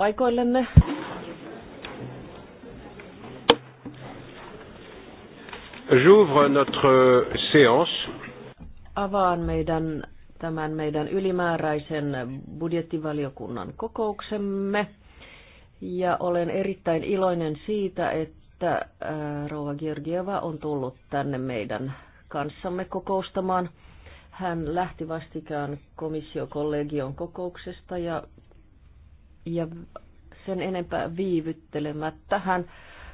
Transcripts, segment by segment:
paikoillenne. J'ouvre notre séance. Avaan meidän, tämän meidän ylimääräisen budjettivaliokunnan kokouksemme. Ja olen erittäin iloinen siitä, että äh, Rova Georgieva on tullut tänne meidän kanssamme kokoustamaan. Hän lähti vastikään komissiokollegion kokouksesta ja ja sen enempää viivyttelemättä hän,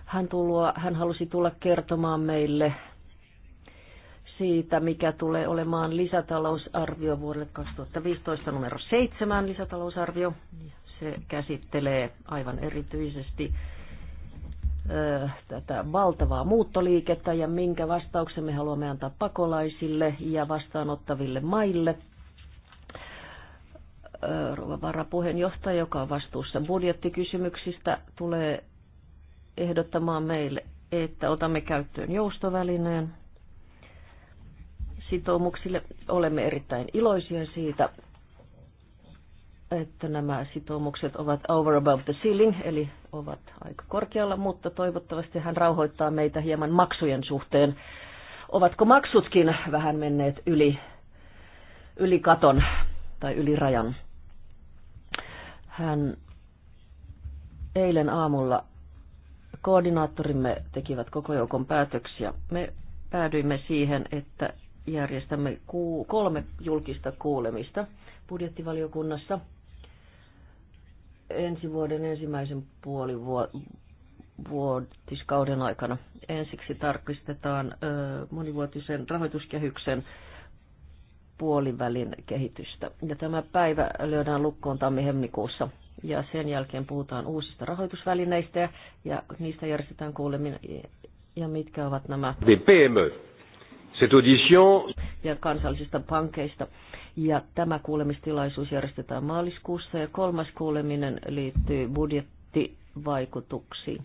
hän, tuloa, hän halusi tulla kertomaan meille siitä, mikä tulee olemaan lisätalousarvio vuodelle 2015 numero 7 lisätalousarvio. Se käsittelee aivan erityisesti ö, tätä valtavaa muuttoliikettä ja minkä vastauksen me haluamme antaa pakolaisille ja vastaanottaville maille – varapuheenjohtaja, joka on vastuussa budjettikysymyksistä, tulee ehdottamaan meille, että otamme käyttöön joustovälineen sitoumuksille. Olemme erittäin iloisia siitä, että nämä sitoumukset ovat over above the ceiling, eli ovat aika korkealla, mutta toivottavasti hän rauhoittaa meitä hieman maksujen suhteen. Ovatko maksutkin vähän menneet yli, yli katon tai yli rajan? Hän eilen aamulla koordinaattorimme tekivät koko joukon päätöksiä. Me päädyimme siihen, että järjestämme kolme julkista kuulemista budjettivaliokunnassa ensi vuoden ensimmäisen puolivuotiskauden aikana. Ensiksi tarkistetaan monivuotisen rahoituskehyksen puolivälin kehitystä. Ja tämä päivä lyödään lukkoon tammi-helmikuussa ja sen jälkeen puhutaan uusista rahoitusvälineistä ja niistä järjestetään kuulemin ja mitkä ovat nämä PME. Cette audition... ja kansallisista pankeista. Ja tämä kuulemistilaisuus järjestetään maaliskuussa ja kolmas kuuleminen liittyy budjettivaikutuksiin.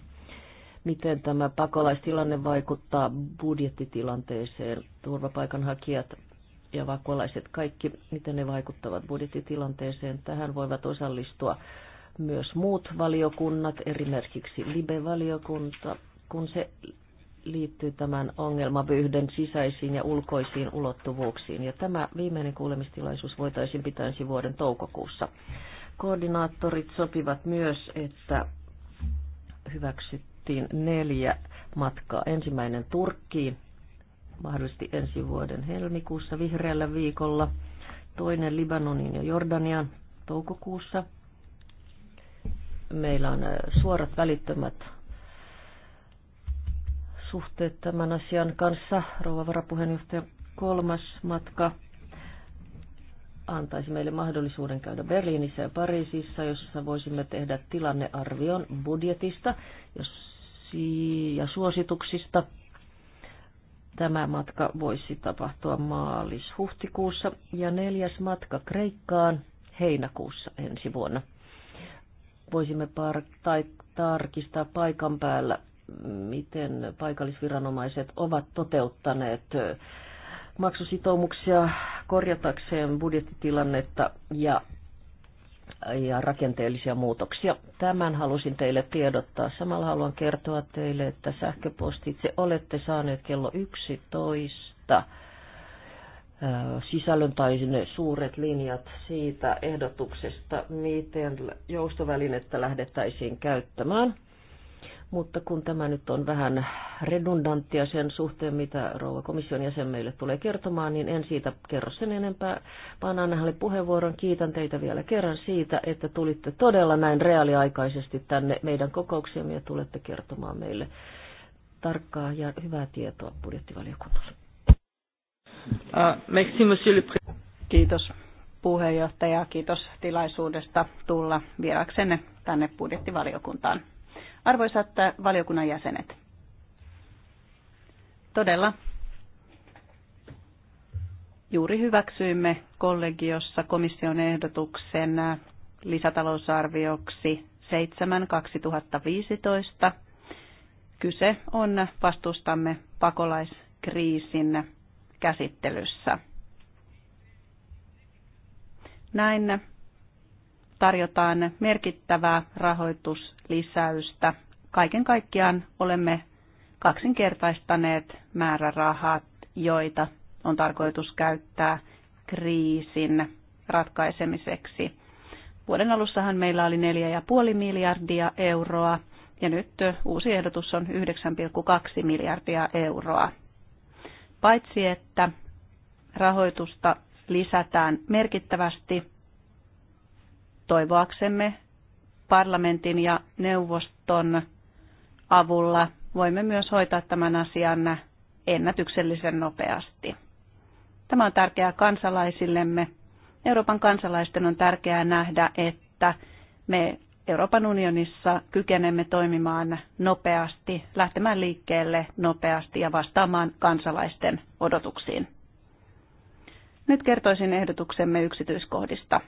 Miten tämä pakolaistilanne vaikuttaa budjettitilanteeseen? Turvapaikanhakijat ja vakolaiset, kaikki, miten ne vaikuttavat budjettitilanteeseen. Tähän voivat osallistua myös muut valiokunnat, esimerkiksi LIBE-valiokunta, kun se liittyy tämän ongelmavyyhden sisäisiin ja ulkoisiin ulottuvuuksiin. Ja tämä viimeinen kuulemistilaisuus voitaisiin pitää ensi vuoden toukokuussa. Koordinaattorit sopivat myös, että hyväksyttiin neljä matkaa. Ensimmäinen Turkkiin, mahdollisesti ensi vuoden helmikuussa vihreällä viikolla, toinen Libanonin ja Jordanian toukokuussa. Meillä on äh, suorat välittömät suhteet tämän asian kanssa. Rouva varapuheenjohtaja, kolmas matka antaisi meille mahdollisuuden käydä Berliinissä ja Pariisissa, jossa voisimme tehdä tilannearvion budjetista ja suosituksista Tämä matka voisi tapahtua maalis-huhtikuussa ja neljäs matka Kreikkaan heinäkuussa ensi vuonna. Voisimme par- tai tarkistaa paikan päällä, miten paikallisviranomaiset ovat toteuttaneet maksusitoumuksia korjatakseen budjettitilannetta ja ja rakenteellisia muutoksia. Tämän halusin teille tiedottaa. Samalla haluan kertoa teille, että sähköpostitse olette saaneet kello 11 äh, sisällön tai ne suuret linjat siitä ehdotuksesta, miten joustovälinettä lähdettäisiin käyttämään – mutta kun tämä nyt on vähän redundanttia sen suhteen, mitä rouva komission jäsen meille tulee kertomaan, niin en siitä kerro sen enempää, vaan annan hänelle puheenvuoron. Kiitän teitä vielä kerran siitä, että tulitte todella näin reaaliaikaisesti tänne meidän kokouksemme ja tulette kertomaan meille tarkkaa ja hyvää tietoa budjettivaliokunnassa. Ah, kiitos puheenjohtaja, kiitos tilaisuudesta tulla vieraksenne tänne budjettivaliokuntaan. Arvoisat äh, valiokunnan jäsenet, todella juuri hyväksyimme kollegiossa komission ehdotuksen äh, lisätalousarvioksi 7 2015. Kyse on vastustamme pakolaiskriisin käsittelyssä. Näin tarjotaan merkittävää rahoituslisäystä. Kaiken kaikkiaan olemme kaksinkertaistaneet määrärahat, joita on tarkoitus käyttää kriisin ratkaisemiseksi. Vuoden alussahan meillä oli 4,5 miljardia euroa ja nyt uusi ehdotus on 9,2 miljardia euroa. Paitsi että rahoitusta lisätään merkittävästi, toivoaksemme parlamentin ja neuvoston avulla voimme myös hoitaa tämän asian ennätyksellisen nopeasti. Tämä on tärkeää kansalaisillemme. Euroopan kansalaisten on tärkeää nähdä, että me Euroopan unionissa kykenemme toimimaan nopeasti, lähtemään liikkeelle nopeasti ja vastaamaan kansalaisten odotuksiin. Nyt kertoisin ehdotuksemme yksityiskohdista.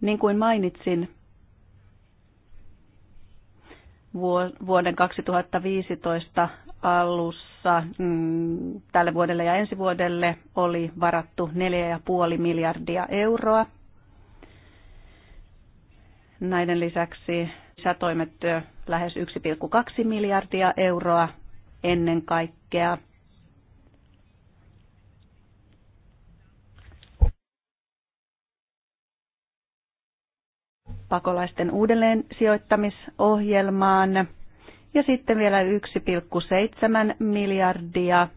Niin kuin mainitsin, vuoden 2015 alussa mm, tälle vuodelle ja ensi vuodelle oli varattu 4,5 miljardia euroa. Näiden lisäksi lisätoimet lähes 1,2 miljardia euroa ennen kaikkea – pakolaisten uudelleen sijoittamisohjelmaan ja sitten vielä 1,7 miljardia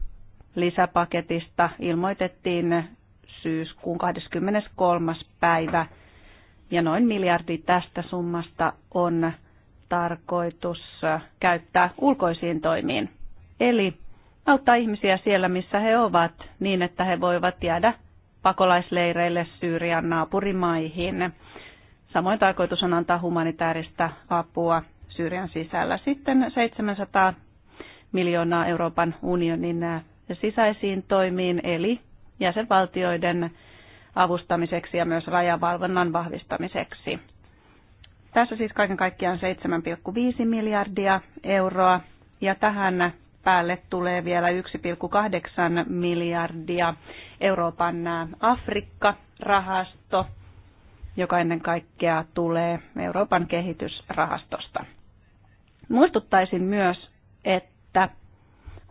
lisäpaketista ilmoitettiin syyskuun 23. päivä ja noin miljardi tästä summasta on tarkoitus käyttää ulkoisiin toimiin. Eli auttaa ihmisiä siellä, missä he ovat, niin että he voivat jäädä pakolaisleireille Syyrian naapurimaihin. Samoin tarkoitus on antaa humanitaarista apua Syyrian sisällä. Sitten 700 miljoonaa Euroopan unionin sisäisiin toimiin, eli jäsenvaltioiden avustamiseksi ja myös rajavalvonnan vahvistamiseksi. Tässä siis kaiken kaikkiaan 7,5 miljardia euroa ja tähän päälle tulee vielä 1,8 miljardia Euroopan Afrikka-rahasto, joka ennen kaikkea tulee Euroopan kehitysrahastosta. Muistuttaisin myös, että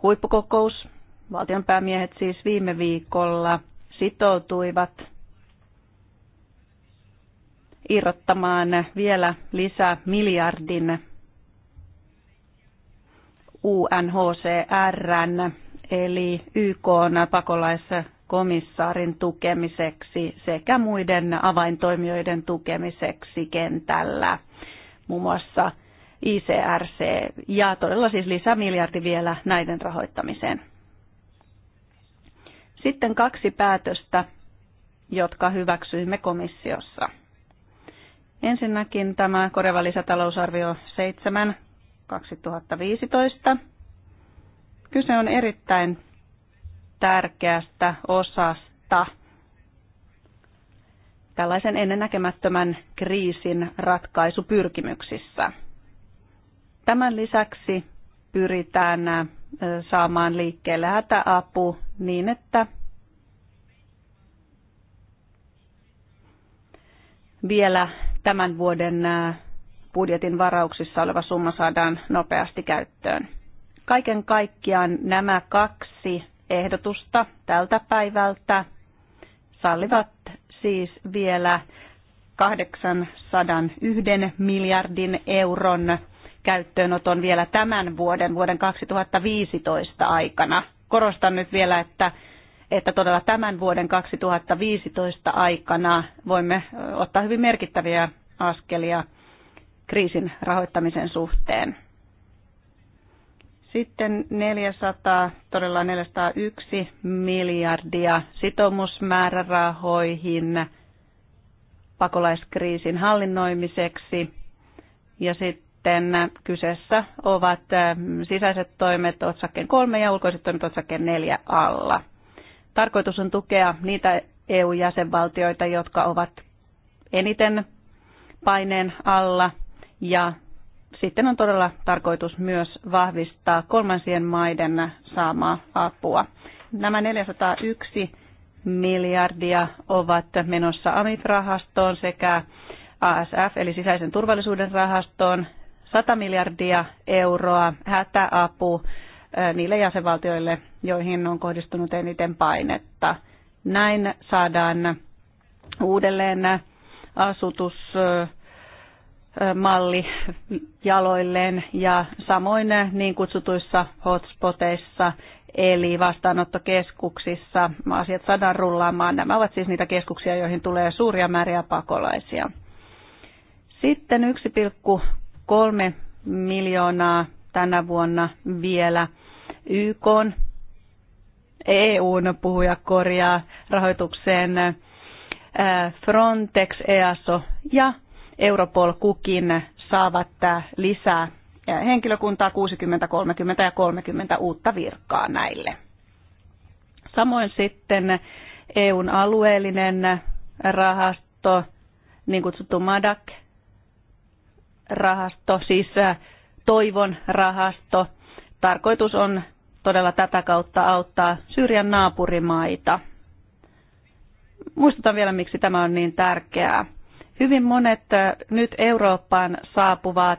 huippukokous, valtionpäämiehet siis viime viikolla sitoutuivat irrottamaan vielä lisää miljardin UNHCRn eli YK pakolaisen komissaarin tukemiseksi sekä muiden avaintoimijoiden tukemiseksi kentällä, muun muassa ICRC, ja todella siis lisämiljardi vielä näiden rahoittamiseen. Sitten kaksi päätöstä, jotka hyväksyimme komissiossa. Ensinnäkin tämä Koreva lisätalousarvio 7 2015. Kyse on erittäin tärkeästä osasta tällaisen ennennäkemättömän kriisin ratkaisupyrkimyksissä. Tämän lisäksi pyritään saamaan liikkeelle hätäapu niin, että vielä tämän vuoden budjetin varauksissa oleva summa saadaan nopeasti käyttöön. Kaiken kaikkiaan nämä kaksi ehdotusta tältä päivältä sallivat siis vielä 801 miljardin euron käyttöönoton vielä tämän vuoden, vuoden 2015 aikana. Korostan nyt vielä, että, että todella tämän vuoden 2015 aikana voimme ottaa hyvin merkittäviä askelia kriisin rahoittamisen suhteen. Sitten 400, todella 401 miljardia sitoumusmäärärahoihin pakolaiskriisin hallinnoimiseksi. Ja sitten kyseessä ovat äh, sisäiset toimet otsakkeen 3 ja ulkoiset toimet otsakkeen 4 alla. Tarkoitus on tukea niitä EU-jäsenvaltioita, jotka ovat eniten paineen alla ja sitten on todella tarkoitus myös vahvistaa kolmansien maiden saamaa apua. Nämä 401 miljardia ovat menossa AMIF-rahastoon sekä ASF eli sisäisen turvallisuuden rahastoon 100 miljardia euroa hätäapu niille jäsenvaltioille, joihin on kohdistunut eniten painetta. Näin saadaan uudelleen asutus malli jaloilleen ja samoin niin kutsutuissa hotspoteissa eli vastaanottokeskuksissa asiat saadaan rullaamaan. Nämä ovat siis niitä keskuksia, joihin tulee suuria määriä pakolaisia. Sitten 1,3 miljoonaa tänä vuonna vielä YK EUn puhuja korjaa rahoitukseen Frontex, EASO ja Europol kukin saavat lisää henkilökuntaa 60, 30 ja 30 uutta virkaa näille. Samoin sitten EUn alueellinen rahasto, niin kutsuttu MADAC-rahasto, siis toivon rahasto. Tarkoitus on todella tätä kautta auttaa Syyrian naapurimaita. Muistutan vielä, miksi tämä on niin tärkeää. Hyvin monet äh, nyt Eurooppaan saapuvat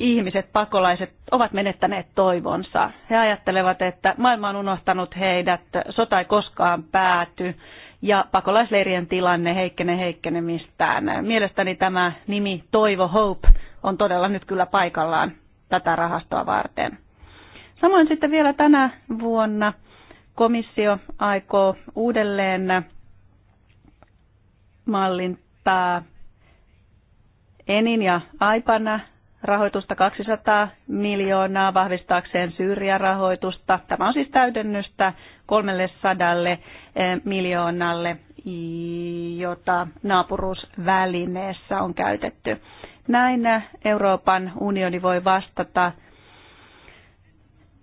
ihmiset, pakolaiset, ovat menettäneet toivonsa. He ajattelevat, että maailma on unohtanut heidät, sota ei koskaan pääty ja pakolaisleirien tilanne heikkenee heikkenemistään. Mielestäni tämä nimi Toivo Hope on todella nyt kyllä paikallaan tätä rahastoa varten. Samoin sitten vielä tänä vuonna komissio aikoo uudelleen mallin pää Enin ja Aipana rahoitusta 200 miljoonaa vahvistaakseen syrjärahoitusta. Tämä on siis täydennystä 300 eh, miljoonalle, jota naapuruusvälineessä on käytetty. Näin Euroopan unioni voi vastata –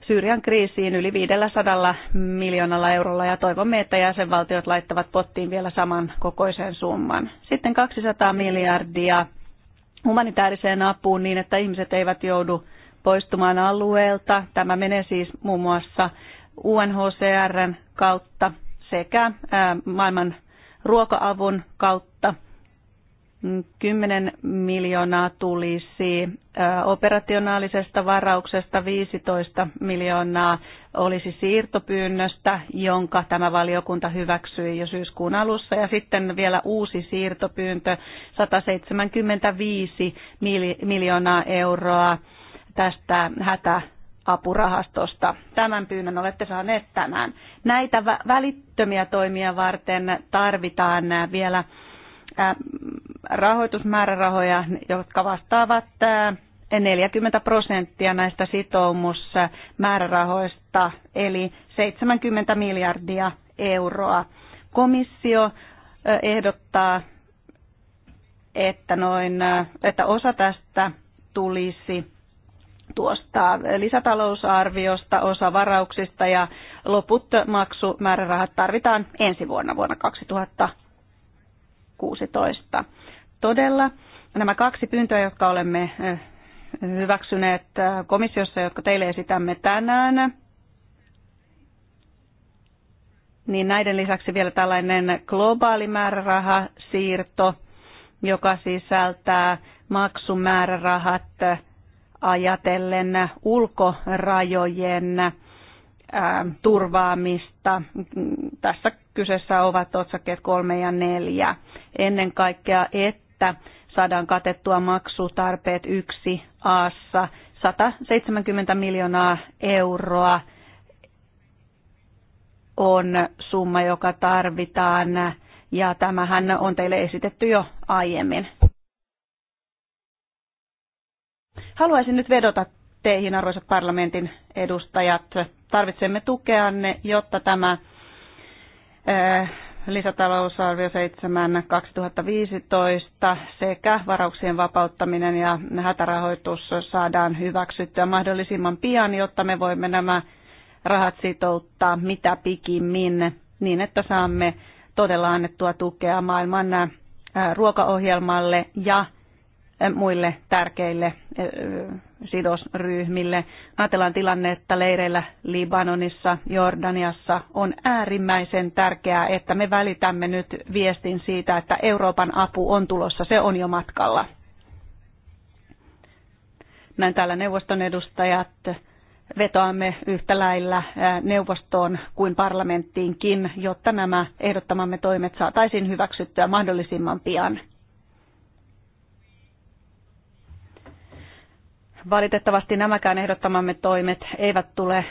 Syyrian kriisiin yli 500 miljoonalla eurolla ja toivomme, että jäsenvaltiot laittavat pottiin vielä saman kokoisen summan. Sitten 200 miljardia humanitaariseen apuun niin, että ihmiset eivät joudu poistumaan alueelta. Tämä menee siis muun muassa UNHCRn kautta sekä maailman ruoka-avun kautta 10 miljoonaa tulisi operationaalisesta varauksesta, 15 miljoonaa olisi siirtopyynnöstä, jonka tämä valiokunta hyväksyi jo syyskuun alussa, ja sitten vielä uusi siirtopyyntö 175 miljoonaa euroa tästä hätä apurahastosta. Tämän pyynnön olette saaneet tänään. Näitä välittömiä toimia varten tarvitaan vielä rahoitusmäärärahoja, jotka vastaavat 40 prosenttia näistä sitoumusmäärärahoista, eli 70 miljardia euroa. Komissio ehdottaa, että, noin, että osa tästä tulisi tuosta lisätalousarviosta, osa varauksista ja loput maksumäärärahat tarvitaan ensi vuonna, vuonna 2000 16. Todella nämä kaksi pyyntöä, jotka olemme hyväksyneet komissiossa, jotka teille esitämme tänään, niin näiden lisäksi vielä tällainen globaali määrärahasiirto, joka sisältää maksumäärärahat ajatellen ulkorajojen turvaamista. Tässä kyseessä ovat otsakkeet kolme ja neljä. Ennen kaikkea, että saadaan katettua maksutarpeet yksi aassa 170 miljoonaa euroa on summa, joka tarvitaan, ja tämähän on teille esitetty jo aiemmin. Haluaisin nyt vedota teihin, arvoisat parlamentin edustajat. Tarvitsemme tukeanne, jotta tämä eh, lisätalousarvio 7 2015 sekä varauksien vapauttaminen ja hätärahoitus saadaan hyväksyttyä mahdollisimman pian, jotta me voimme nämä rahat sitouttaa mitä pikimmin niin, että saamme todella annettua tukea maailman eh, ruokaohjelmalle ja muille tärkeille sidosryhmille. Ajatellaan tilanne, että leireillä Libanonissa, Jordaniassa on äärimmäisen tärkeää, että me välitämme nyt viestin siitä, että Euroopan apu on tulossa, se on jo matkalla. Näin täällä neuvoston edustajat vetoamme yhtä lailla neuvostoon kuin parlamenttiinkin, jotta nämä ehdottamamme toimet saataisiin hyväksyttyä mahdollisimman pian. Valitettavasti nämäkään ehdottamamme toimet eivät tule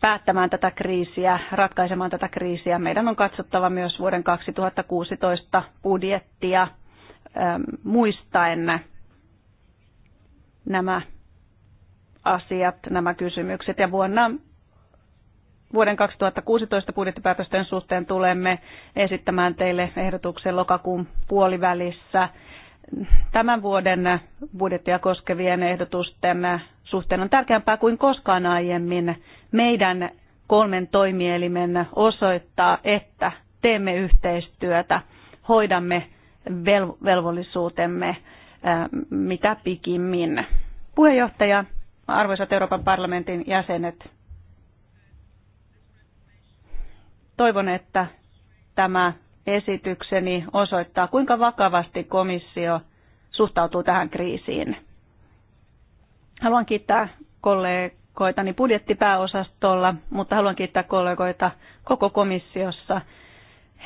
päättämään tätä kriisiä, ratkaisemaan tätä kriisiä. Meidän on katsottava myös vuoden 2016 budjettia ähm, muistaen nämä asiat, nämä kysymykset. Ja vuonna vuoden 2016 budjettipäätösten suhteen tulemme esittämään teille ehdotuksen lokakuun puolivälissä tämän vuoden budjettia koskevien ehdotusten suhteen on tärkeämpää kuin koskaan aiemmin meidän kolmen toimielimen osoittaa, että teemme yhteistyötä, hoidamme velvollisuutemme mitä pikimmin. Puheenjohtaja, arvoisat Euroopan parlamentin jäsenet, toivon, että tämä esitykseni osoittaa, kuinka vakavasti komissio suhtautuu tähän kriisiin. Haluan kiittää kollegoitani budjettipääosastolla, mutta haluan kiittää kollegoita koko komissiossa.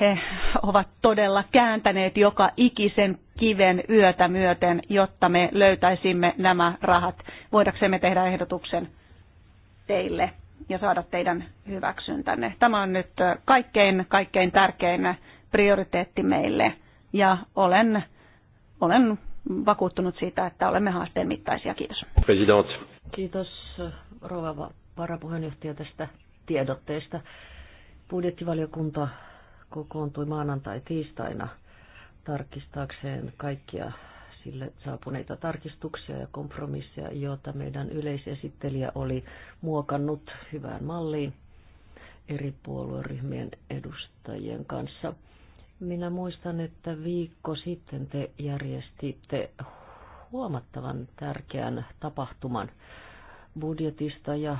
He ovat todella kääntäneet joka ikisen kiven yötä myöten, jotta me löytäisimme nämä rahat. Voidaksemme tehdä ehdotuksen teille ja saada teidän hyväksyntänne. Tämä on nyt kaikkein, kaikkein tärkein prioriteetti meille ja olen, olen vakuuttunut siitä, että olemme haasteen mittaisia. Kiitos. President. Kiitos rouva varapuheenjohtaja tästä tiedotteesta. Budjettivaliokunta kokoontui maanantai-tiistaina tarkistaakseen kaikkia sille saapuneita tarkistuksia ja kompromisseja, joita meidän yleisesittelijä oli muokannut hyvään malliin eri puolueryhmien edustajien kanssa. Minä muistan, että viikko sitten te järjestitte huomattavan tärkeän tapahtuman budjetista ja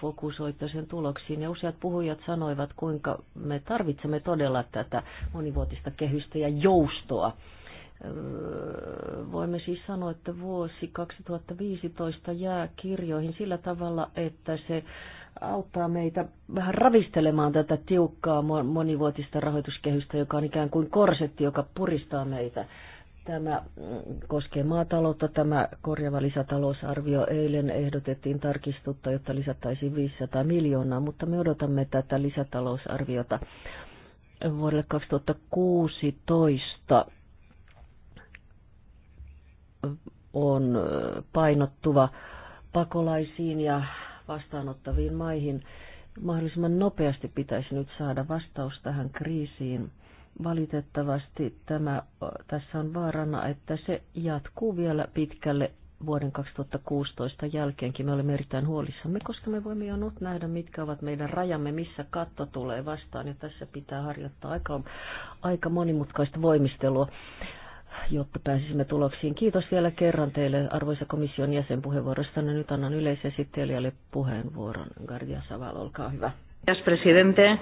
fokusoitte sen tuloksiin. Ja useat puhujat sanoivat, kuinka me tarvitsemme todella tätä monivuotista kehystä ja joustoa. Öö, voimme siis sanoa, että vuosi 2015 jää kirjoihin sillä tavalla, että se auttaa meitä vähän ravistelemaan tätä tiukkaa monivuotista rahoituskehystä, joka on ikään kuin korsetti, joka puristaa meitä. Tämä mm, koskee maataloutta. Tämä korjava lisätalousarvio eilen ehdotettiin tarkistutta, jotta lisättäisiin 500 miljoonaa, mutta me odotamme tätä lisätalousarviota vuodelle 2016 on painottuva pakolaisiin ja vastaanottaviin maihin. Mahdollisimman nopeasti pitäisi nyt saada vastaus tähän kriisiin. Valitettavasti tämä, tässä on vaarana, että se jatkuu vielä pitkälle vuoden 2016 jälkeenkin me olemme erittäin huolissamme, koska me voimme jo nyt nähdä, mitkä ovat meidän rajamme, missä katto tulee vastaan, ja tässä pitää harjoittaa aika, aika monimutkaista voimistelua jotta pääsisimme tuloksiin. Kiitos vielä kerran teille, arvoisa komission jäsen puheenvuorosta. Nyt annan yleisesittelijälle puheenvuoron. Gardia Saval, olkaa hyvä. Kiitos presidente.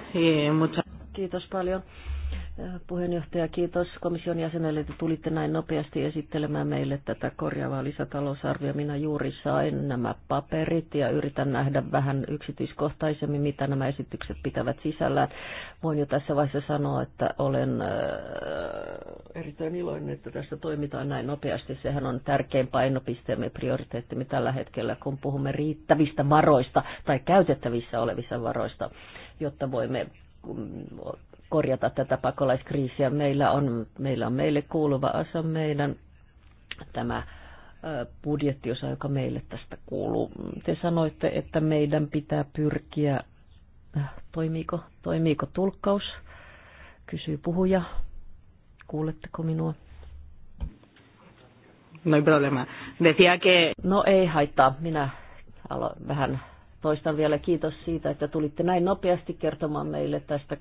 Kiitos paljon. Puheenjohtaja, kiitos komission jäsenelle, että tulitte näin nopeasti esittelemään meille tätä korjaavaa lisätalousarvia. Minä juuri sain nämä paperit ja yritän nähdä vähän yksityiskohtaisemmin, mitä nämä esitykset pitävät sisällään. Voin jo tässä vaiheessa sanoa, että olen äh, erittäin iloinen, että tässä toimitaan näin nopeasti. Sehän on tärkein painopisteemme ja prioriteettimme tällä hetkellä, kun puhumme riittävistä varoista tai käytettävissä olevissa varoista, jotta voimme korjata tätä pakolaiskriisiä. Meillä on, meillä on meille kuuluva osa meidän tämä budjettiosa, joka meille tästä kuuluu. Te sanoitte, että meidän pitää pyrkiä, äh, toimiiko, toimiiko tulkkaus, kysyy puhuja. Kuuletteko minua? No ei problema. Decía que... No ei haittaa, minä alo, vähän Toistan vielä kiitos siitä, että tulitte näin nopeasti kertomaan meille tästä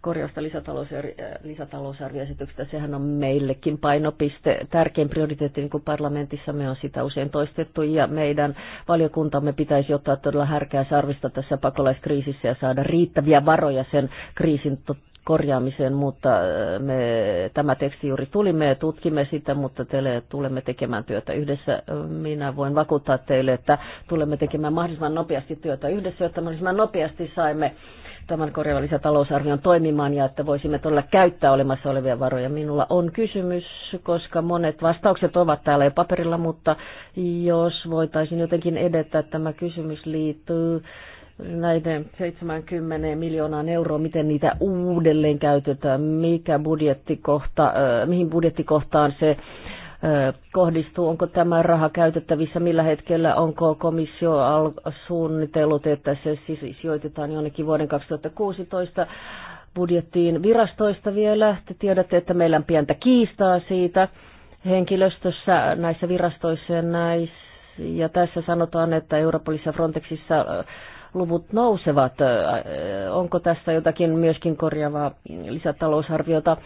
korjausta äh, lisätalousarvioesityksestä. Sehän on meillekin painopiste, tärkein prioriteetti, niin kuin parlamentissa me on sitä usein toistettu, ja meidän valiokuntamme pitäisi ottaa todella härkää sarvista tässä pakolaiskriisissä ja saada riittäviä varoja sen kriisin korjaamiseen, mutta äh, me, tämä teksti juuri tuli, me tutkimme sitä, mutta teille tulemme tekemään työtä yhdessä. Äh, minä voin vakuuttaa teille, että tulemme tekemään mahdollisimman nopeasti työtä yhdessä, jotta mahdollisimman nopeasti saimme tämän korjaavan lisätalousarvion toimimaan ja että voisimme todella käyttää olemassa olevia varoja. Minulla on kysymys, koska monet vastaukset ovat täällä jo paperilla, mutta jos voitaisiin jotenkin edetä, tämä kysymys liittyy näiden 70 miljoonaan euroa, miten niitä uudelleen käytetään, mikä budjettikohta, mihin budjettikohtaan se kohdistuu, onko tämä raha käytettävissä, millä hetkellä onko komissio suunnitellut, että se sijoitetaan jonnekin vuoden 2016 budjettiin virastoista vielä. Te tiedätte, että meillä on pientä kiistaa siitä henkilöstössä näissä virastoissa ja näissä. Ja tässä sanotaan, että Europolissa ja Frontexissa luvut nousevat. Onko tässä jotakin myöskin korjaavaa lisätalousarviota?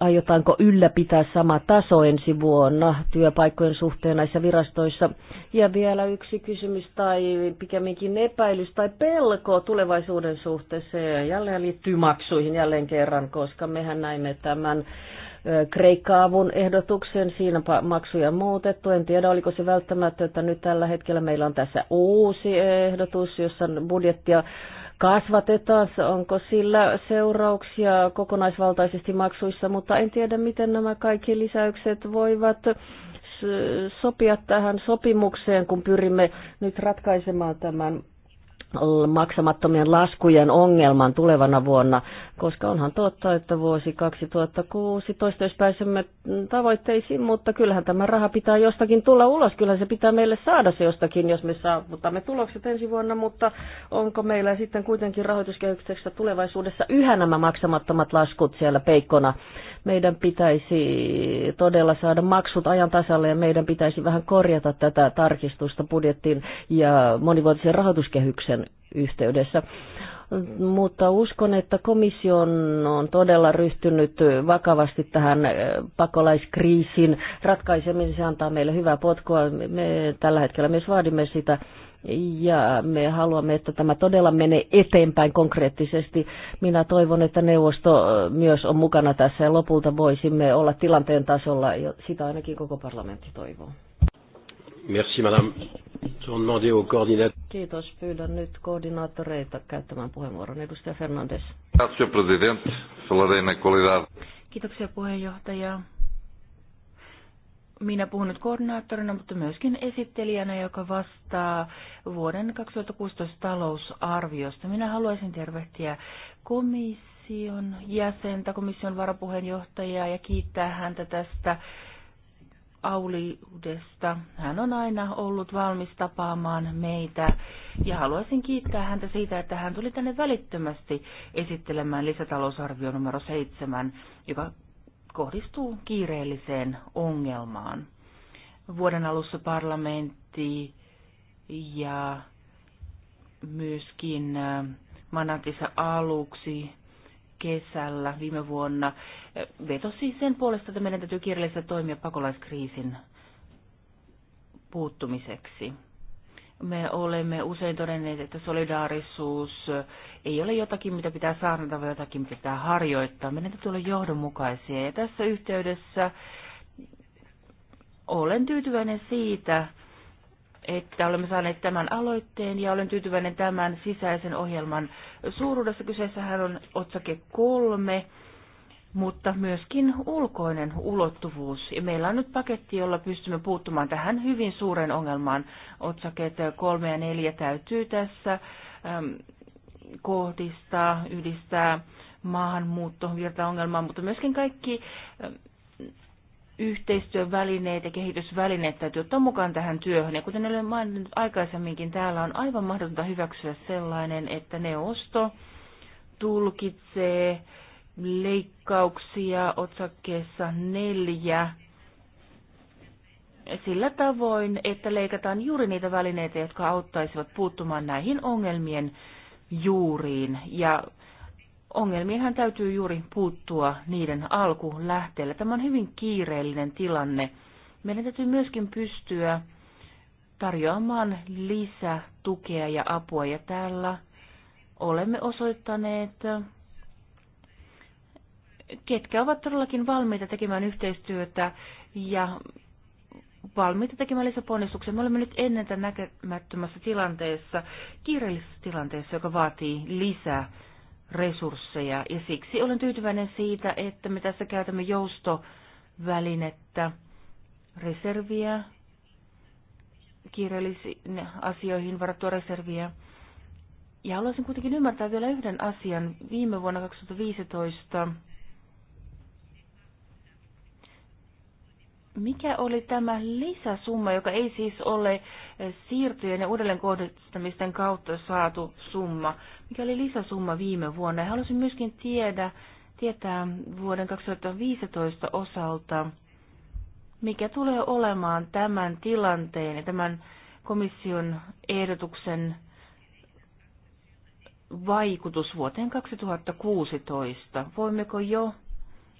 Aiotaanko ylläpitää sama taso ensi vuonna työpaikkojen suhteen näissä virastoissa? Ja vielä yksi kysymys tai pikemminkin epäilys tai pelko tulevaisuuden suhteeseen jälleen liittyy maksuihin jälleen kerran, koska mehän näimme tämän Kreikka-avun ehdotuksen. Siinä maksuja muutettu. En tiedä, oliko se välttämätöntä. Nyt tällä hetkellä meillä on tässä uusi ehdotus, jossa budjettia kasvatetaan. Onko sillä seurauksia kokonaisvaltaisesti maksuissa, mutta en tiedä, miten nämä kaikki lisäykset voivat sopia tähän sopimukseen, kun pyrimme nyt ratkaisemaan tämän maksamattomien laskujen ongelman tulevana vuonna, koska onhan totta, että vuosi 2016, jos pääsemme tavoitteisiin, mutta kyllähän tämä raha pitää jostakin tulla ulos, kyllä se pitää meille saada se jostakin, jos me saavutamme tulokset ensi vuonna, mutta onko meillä sitten kuitenkin rahoituskehyksessä tulevaisuudessa yhä nämä maksamattomat laskut siellä peikkona meidän pitäisi todella saada maksut ajan tasalle ja meidän pitäisi vähän korjata tätä tarkistusta budjettiin ja monivuotisen rahoituskehyksen yhteydessä mutta uskon, että komissio on todella ryhtynyt vakavasti tähän eh, pakolaiskriisin ratkaisemiseen. Se antaa meille hyvää potkua. Me tällä hetkellä myös vaadimme sitä ja me haluamme, että tämä todella menee eteenpäin konkreettisesti. Minä toivon, että neuvosto myös on mukana tässä ja lopulta voisimme olla tilanteen tasolla, ja sitä ainakin koko parlamentti toivoo. Merci madame. Kiitos. Pyydän nyt koordinaattoreita käyttämään puheenvuoron. Edustaja Fernandes. Kiitoksia puheenjohtaja minä puhun nyt koordinaattorina, mutta myöskin esittelijänä, joka vastaa vuoden 2016 talousarviosta. Minä haluaisin tervehtiä komission jäsentä, komission varapuheenjohtajaa ja kiittää häntä tästä auliudesta. Hän on aina ollut valmis tapaamaan meitä ja haluaisin kiittää häntä siitä, että hän tuli tänne välittömästi esittelemään lisätalousarvio numero 7, joka kohdistuu kiireelliseen ongelmaan. Vuoden alussa parlamentti ja myöskin äh, Manatissa aluksi kesällä viime vuonna äh, vetosi sen puolesta, että meidän täytyy kiireellisesti toimia pakolaiskriisin puuttumiseksi. Me olemme usein todenneet, että solidaarisuus ei ole jotakin, mitä pitää saarnata, vaan jotakin, mitä pitää harjoittaa. Meidän täytyy olla johdonmukaisia. Ja tässä yhteydessä olen tyytyväinen siitä, että olemme saaneet tämän aloitteen ja olen tyytyväinen tämän sisäisen ohjelman suuruudessa. Kyseessähän on otsake kolme mutta myöskin ulkoinen ulottuvuus. Ja meillä on nyt paketti, jolla pystymme puuttumaan tähän hyvin suureen ongelmaan. Otsakeet 3 ja 4 täytyy tässä äm, kohdistaa, yhdistää maahanmuuttovirtaongelmaan, mutta myöskin kaikki äm, yhteistyövälineet ja kehitysvälineet täytyy ottaa mukaan tähän työhön. Ja kuten olen maininnut aikaisemminkin, täällä on aivan mahdotonta hyväksyä sellainen, että neuvosto tulkitsee leikkauksia otsakkeessa neljä sillä tavoin, että leikataan juuri niitä välineitä, jotka auttaisivat puuttumaan näihin ongelmien juuriin. Ja ongelmiinhan täytyy juuri puuttua niiden alkulähteellä. Tämä on hyvin kiireellinen tilanne. Meidän täytyy myöskin pystyä tarjoamaan lisää tukea ja apua. Ja täällä olemme osoittaneet ketkä ovat todellakin valmiita tekemään yhteistyötä ja valmiita tekemään lisäponnistuksia. Me olemme nyt ennen tämän näkemättömässä tilanteessa, kiireellisessä tilanteessa, joka vaatii lisää resursseja. Ja siksi olen tyytyväinen siitä, että me tässä käytämme joustovälinettä, reserviä, kiireellisiin asioihin varattua reserviä. Ja haluaisin kuitenkin ymmärtää vielä yhden asian. Viime vuonna 2015 Mikä oli tämä lisäsumma, joka ei siis ole eh, siirtojen ja uudelleenkohdistamisten kautta saatu summa? Mikä oli lisäsumma viime vuonna? Ja halusin myöskin tiedä, tietää vuoden 2015 osalta, mikä tulee olemaan tämän tilanteen ja tämän komission ehdotuksen vaikutus vuoteen 2016. Voimmeko jo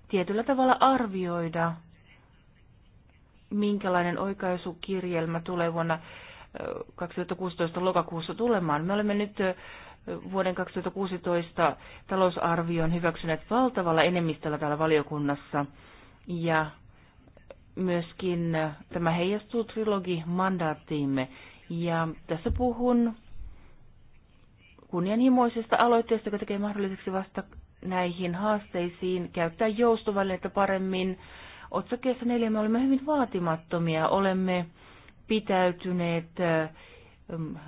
tietyllä tavalla arvioida minkälainen oikaisukirjelmä tulee vuonna 2016 lokakuussa tulemaan. Me olemme nyt vuoden 2016 talousarvion hyväksyneet valtavalla enemmistöllä täällä valiokunnassa. Ja myöskin tämä heijastuu trilogi mandaattiimme. Ja tässä puhun kunnianhimoisesta aloitteesta, joka tekee mahdolliseksi vasta näihin haasteisiin käyttää joustovälineitä paremmin, Otsakkeessa neljä me olemme hyvin vaatimattomia. Olemme pitäytyneet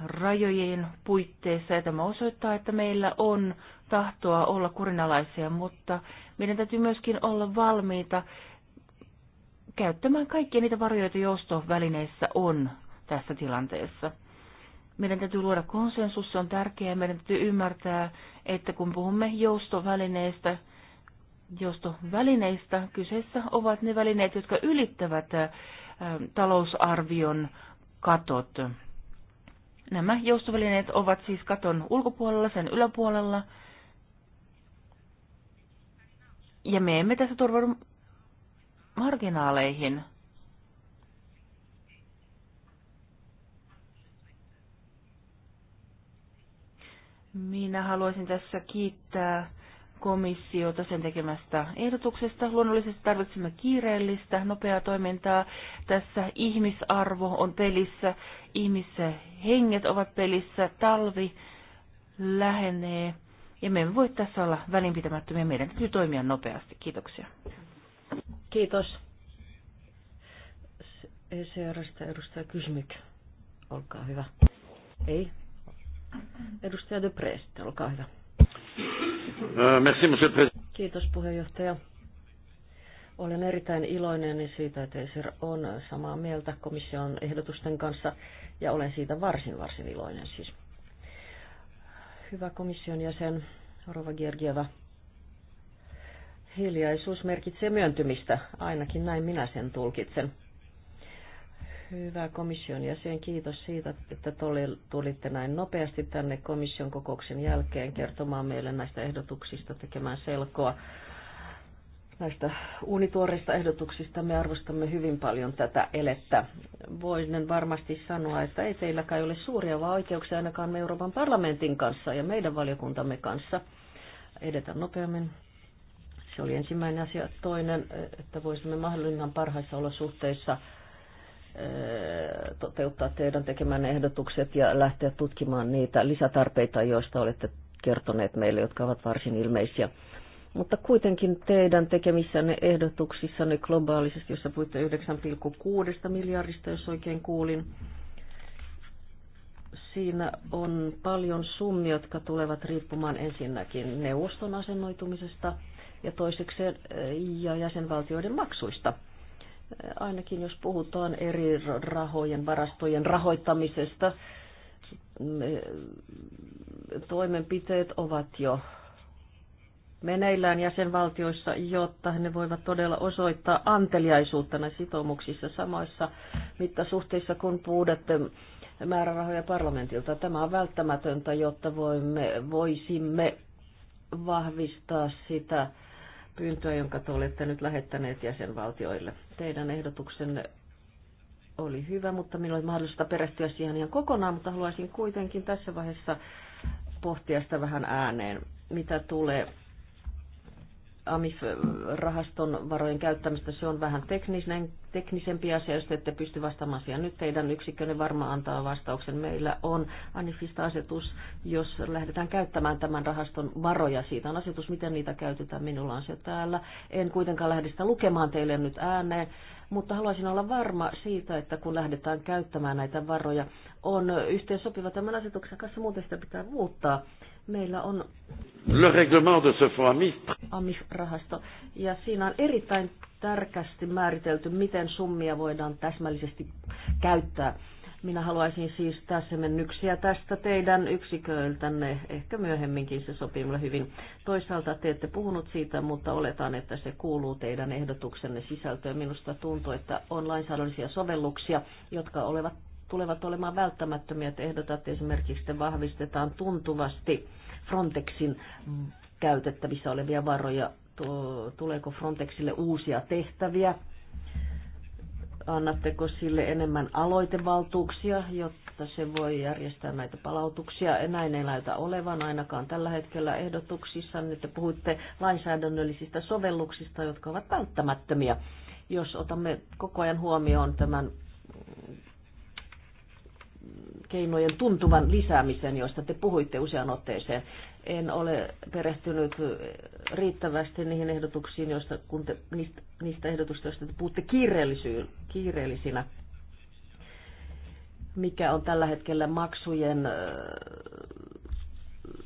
rajojen puitteissa ja tämä osoittaa, että meillä on tahtoa olla kurinalaisia, mutta meidän täytyy myöskin olla valmiita käyttämään kaikkia niitä varjoita, joista välineissä on tässä tilanteessa. Meidän täytyy luoda konsensus, se on tärkeää. Meidän täytyy ymmärtää, että kun puhumme joustovälineistä, joustovälineistä. Kyseessä ovat ne välineet, jotka ylittävät talousarvion katot. Nämä joustovälineet ovat siis katon ulkopuolella, sen yläpuolella. Ja me emme tässä turvaudu marginaaleihin. Minä haluaisin tässä kiittää komissiota sen tekemästä ehdotuksesta. Luonnollisesti tarvitsemme kiireellistä, nopeaa toimintaa. Tässä ihmisarvo on pelissä, ihmishenget ovat pelissä, talvi lähenee ja me emme voi tässä olla välinpitämättömiä. Meidän täytyy toimia nopeasti. Kiitoksia. Kiitos. ECRstä edustaja Kysmyk, olkaa hyvä. Ei. Edustaja De Prest, olkaa hyvä. Äh, Kiitos puheenjohtaja. Olen erittäin iloinen siitä, että ESER on samaa mieltä komission ehdotusten kanssa ja olen siitä varsin varsin iloinen siis. Hyvä komission jäsen Rova Georgieva, hiljaisuus merkitsee myöntymistä, ainakin näin minä sen tulkitsen. Hyvä komission jäsen, kiitos siitä, että tulitte näin nopeasti tänne komission kokouksen jälkeen kertomaan meille näistä ehdotuksista, tekemään selkoa näistä uunituoreista ehdotuksista. Me arvostamme hyvin paljon tätä elettä. Voin varmasti sanoa, että ei teilläkään ole suuria vaan oikeuksia ainakaan Euroopan parlamentin kanssa ja meidän valiokuntamme kanssa edetä nopeammin. Se oli ensimmäinen asia. Toinen, että voisimme mahdollisimman parhaissa olosuhteissa suhteissa toteuttaa teidän tekemänne ehdotukset ja lähteä tutkimaan niitä lisätarpeita, joista olette kertoneet meille, jotka ovat varsin ilmeisiä. Mutta kuitenkin teidän tekemissänne ehdotuksissanne globaalisesti, jossa puhutte 9,6 miljardista, jos oikein kuulin, siinä on paljon summia, jotka tulevat riippumaan ensinnäkin neuvoston asennoitumisesta ja toisekseen ja jäsenvaltioiden maksuista – ainakin jos puhutaan eri rahojen, varastojen rahoittamisesta, toimenpiteet ovat jo meneillään jäsenvaltioissa, jotta ne voivat todella osoittaa anteliaisuutta näissä sitoumuksissa samoissa mittasuhteissa kuin puudette määrärahoja parlamentilta. Tämä on välttämätöntä, jotta voimme, voisimme vahvistaa sitä pyyntöä, jonka te olette nyt lähettäneet jäsenvaltioille. Teidän ehdotuksenne oli hyvä, mutta minulla oli mahdollista perehtyä siihen ihan kokonaan, mutta haluaisin kuitenkin tässä vaiheessa pohtia sitä vähän ääneen, mitä tulee AMIF-rahaston varojen käyttämistä, se on vähän teknisen, teknisempi asia, jos ette pysty vastaamaan siihen. Nyt teidän yksikkönne varmaan antaa vastauksen. Meillä on ANIFista asetus, jos lähdetään käyttämään tämän rahaston varoja. Siitä on asetus, miten niitä käytetään. Minulla on se täällä. En kuitenkaan lähde sitä lukemaan teille nyt ääneen, mutta haluaisin olla varma siitä, että kun lähdetään käyttämään näitä varoja, on yhteen sopiva tämän asetuksen kanssa, muuten sitä pitää muuttaa. Meillä on... Le règlement de ce fonds AMIF-rahasto, ja siinä on erittäin tarkasti määritelty, miten summia voidaan täsmällisesti käyttää. Minä haluaisin siis täsmennyksiä tästä teidän yksiköiltänne. Ehkä myöhemminkin se sopii mulle hyvin. Toisaalta te ette puhunut siitä, mutta oletan, että se kuuluu teidän ehdotuksenne sisältöön. Minusta tuntuu, että on lainsäädännöllisiä sovelluksia, jotka olevat, tulevat olemaan välttämättömiä. Te ehdotatte esimerkiksi, että vahvistetaan tuntuvasti Frontexin käytettävissä olevia varoja? Tuleeko Frontexille uusia tehtäviä? Annatteko sille enemmän aloitevaltuuksia, jotta se voi järjestää näitä palautuksia? Näin ei näytä olevan ainakaan tällä hetkellä ehdotuksissa. Nyt te puhuitte lainsäädännöllisistä sovelluksista, jotka ovat välttämättömiä. Jos otamme koko ajan huomioon tämän keinojen tuntuvan lisäämisen, joista te puhuitte usean otteeseen en ole perehtynyt riittävästi niihin ehdotuksiin, joista, kun te, niistä, niistä ehdotuksista, joista te puhutte kiireellisinä. Mikä on tällä hetkellä maksujen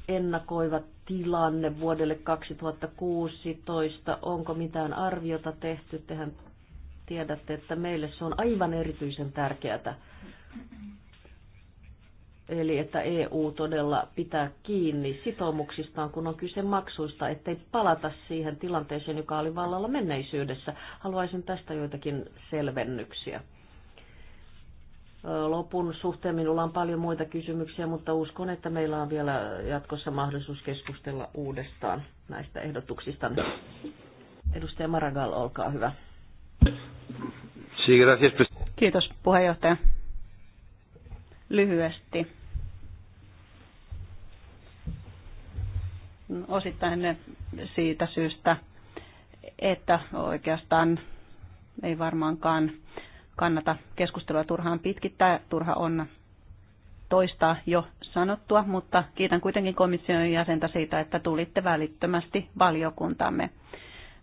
ennakoiva tilanne vuodelle 2016? Onko mitään arviota tehty? Tehän tiedätte, että meille se on aivan erityisen tärkeää Eli että EU todella pitää kiinni sitoumuksistaan, kun on kyse maksuista, ettei palata siihen tilanteeseen, joka oli vallalla menneisyydessä. Haluaisin tästä joitakin selvennyksiä. Lopun suhteen minulla on paljon muita kysymyksiä, mutta uskon, että meillä on vielä jatkossa mahdollisuus keskustella uudestaan näistä ehdotuksista. Edustaja Maragall, olkaa hyvä. Kiitos puheenjohtaja lyhyesti. Osittain siitä syystä, että oikeastaan ei varmaankaan kannata keskustelua turhaan pitkittää. Turha on toistaa jo sanottua, mutta kiitän kuitenkin komission jäsentä siitä, että tulitte välittömästi valiokuntamme.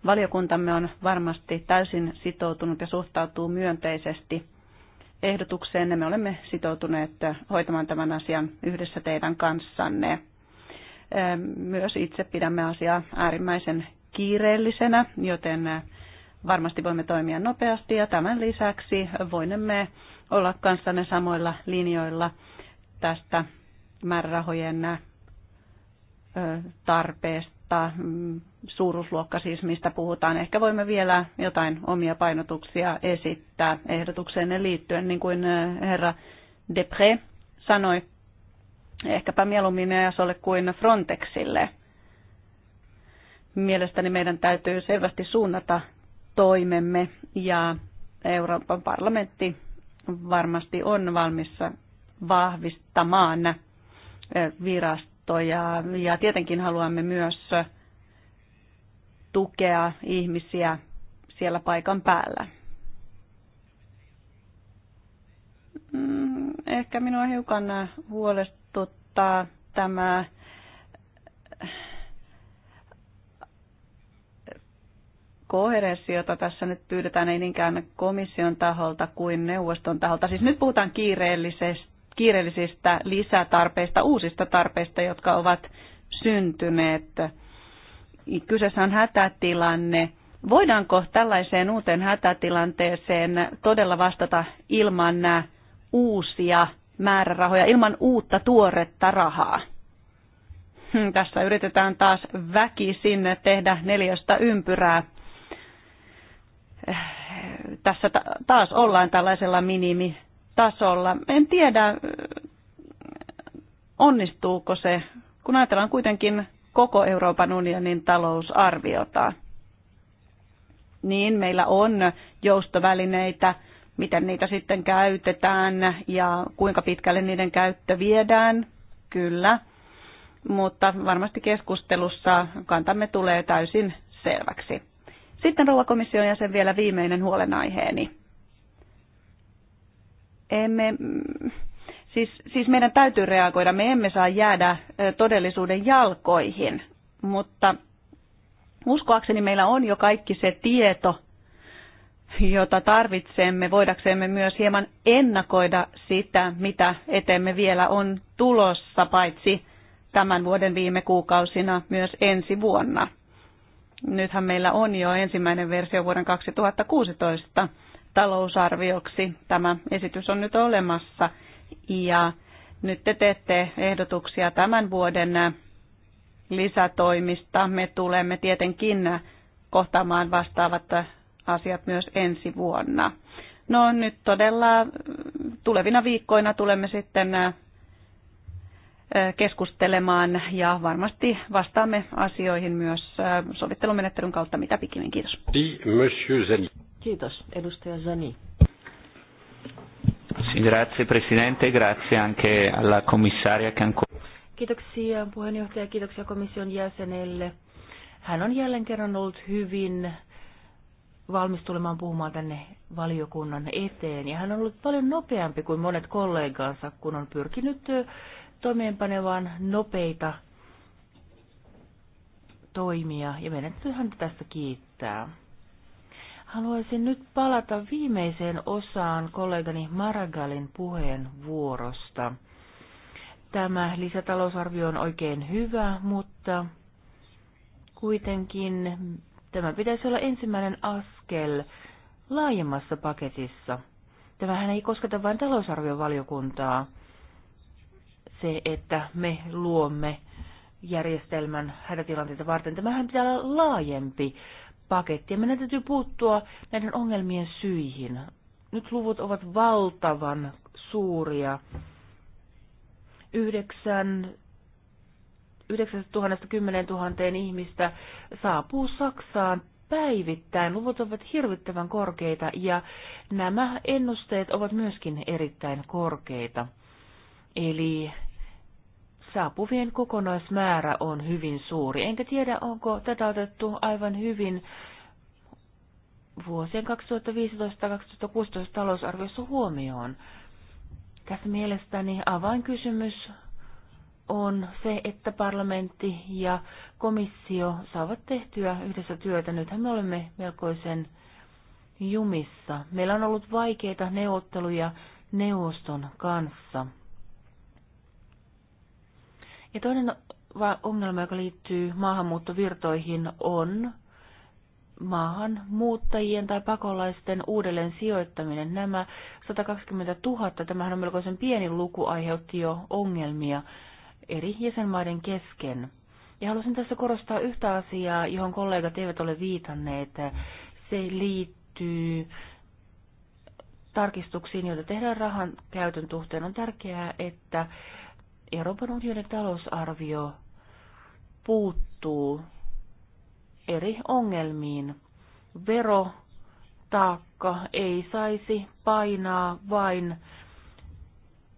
Valiokuntamme on varmasti täysin sitoutunut ja suhtautuu myönteisesti ehdotukseenne. Me olemme sitoutuneet hoitamaan tämän asian yhdessä teidän kanssanne. Myös itse pidämme asiaa äärimmäisen kiireellisenä, joten varmasti voimme toimia nopeasti ja tämän lisäksi voimme olla kanssanne samoilla linjoilla tästä määrärahojen tarpeesta tota, mm, suuruusluokka siis, mistä puhutaan. Ehkä voimme vielä jotain omia painotuksia esittää ehdotukseen liittyen, niin kuin eh, herra Depre sanoi. Ehkäpä mieluummin EASOlle kuin Frontexille. Mielestäni meidän täytyy selvästi suunnata toimemme ja Euroopan parlamentti varmasti on valmissa vahvistamaan eh, virasta ja, ja tietenkin haluamme myös tukea ihmisiä siellä paikan päällä. Mm, ehkä minua hiukan huolestuttaa tämä koherenssi, jota tässä nyt pyydetään, ei niinkään komission taholta kuin neuvoston taholta. Siis nyt puhutaan kiireellisesti kiireellisistä lisätarpeista, uusista tarpeista, jotka ovat syntyneet. Kyseessä on hätätilanne. Voidaanko tällaiseen uuteen hätätilanteeseen todella vastata ilman uusia määrärahoja, ilman uutta tuoretta rahaa? Hmm, tässä yritetään taas väki sinne tehdä neljästä ympyrää. Tässä taas ollaan tällaisella minimi tasolla. En tiedä, onnistuuko se, kun ajatellaan kuitenkin koko Euroopan unionin talousarviota. Niin meillä on joustovälineitä, miten niitä sitten käytetään ja kuinka pitkälle niiden käyttö viedään, kyllä. Mutta varmasti keskustelussa kantamme tulee täysin selväksi. Sitten rouva komission jäsen vielä viimeinen huolenaiheeni emme, siis, siis meidän täytyy reagoida, me emme saa jäädä todellisuuden jalkoihin, mutta uskoakseni meillä on jo kaikki se tieto, jota tarvitsemme, voidaksemme myös hieman ennakoida sitä, mitä eteemme vielä on tulossa, paitsi tämän vuoden viime kuukausina myös ensi vuonna. Nythän meillä on jo ensimmäinen versio vuoden 2016 talousarvioksi. Tämä esitys on nyt olemassa ja nyt te teette ehdotuksia tämän vuoden lisätoimista. Me tulemme tietenkin kohtaamaan vastaavat asiat myös ensi vuonna. No nyt todella tulevina viikkoina tulemme sitten keskustelemaan ja varmasti vastaamme asioihin myös sovittelumenettelyn kautta mitä pikimmin. Kiitos. Kiitos, edustaja Zani. Grazie Presidente, grazie anche alla commissaria Kiitoksia puheenjohtaja, kiitoksia komission jäsenelle. Hän on jälleen kerran ollut hyvin valmis tulemaan puhumaan tänne valiokunnan eteen. Ja hän on ollut paljon nopeampi kuin monet kollegansa, kun on pyrkinyt toimeenpanevaan nopeita toimia. Ja meidän täytyy häntä tästä kiittää. Haluaisin nyt palata viimeiseen osaan kollegani Maragalin puheen vuorosta. Tämä lisätalousarvio on oikein hyvä, mutta kuitenkin tämä pitäisi olla ensimmäinen askel laajemmassa paketissa. Tämähän ei kosketa vain talousarviovaliokuntaa. Se, että me luomme järjestelmän hätätilanteita varten, tämähän pitää olla laajempi paketti. Ja meidän täytyy puuttua näiden ongelmien syihin. Nyt luvut ovat valtavan suuria. 9 9000 10 000 ihmistä saapuu Saksaan päivittäin. Luvut ovat hirvittävän korkeita ja nämä ennusteet ovat myöskin erittäin korkeita. Eli saapuvien kokonaismäärä on hyvin suuri. Enkä tiedä, onko tätä otettu aivan hyvin vuosien 2015-2016 talousarviossa huomioon. Tässä mielestäni avainkysymys on se, että parlamentti ja komissio saavat tehtyä yhdessä työtä. Nythän me olemme melkoisen jumissa. Meillä on ollut vaikeita neuvotteluja neuvoston kanssa. Ja toinen ongelma, joka liittyy maahanmuuttovirtoihin, on maahanmuuttajien tai pakolaisten uudelleen sijoittaminen. Nämä 120 000, tämähän on melkoisen pieni luku, aiheutti jo ongelmia eri jäsenmaiden kesken. Ja haluaisin tässä korostaa yhtä asiaa, johon kollegat eivät ole viitanneet. Se liittyy tarkistuksiin, joita tehdään rahan käytön suhteen. On tärkeää, että Euroopan unionin talousarvio puuttuu eri ongelmiin. Verotaakka ei saisi painaa vain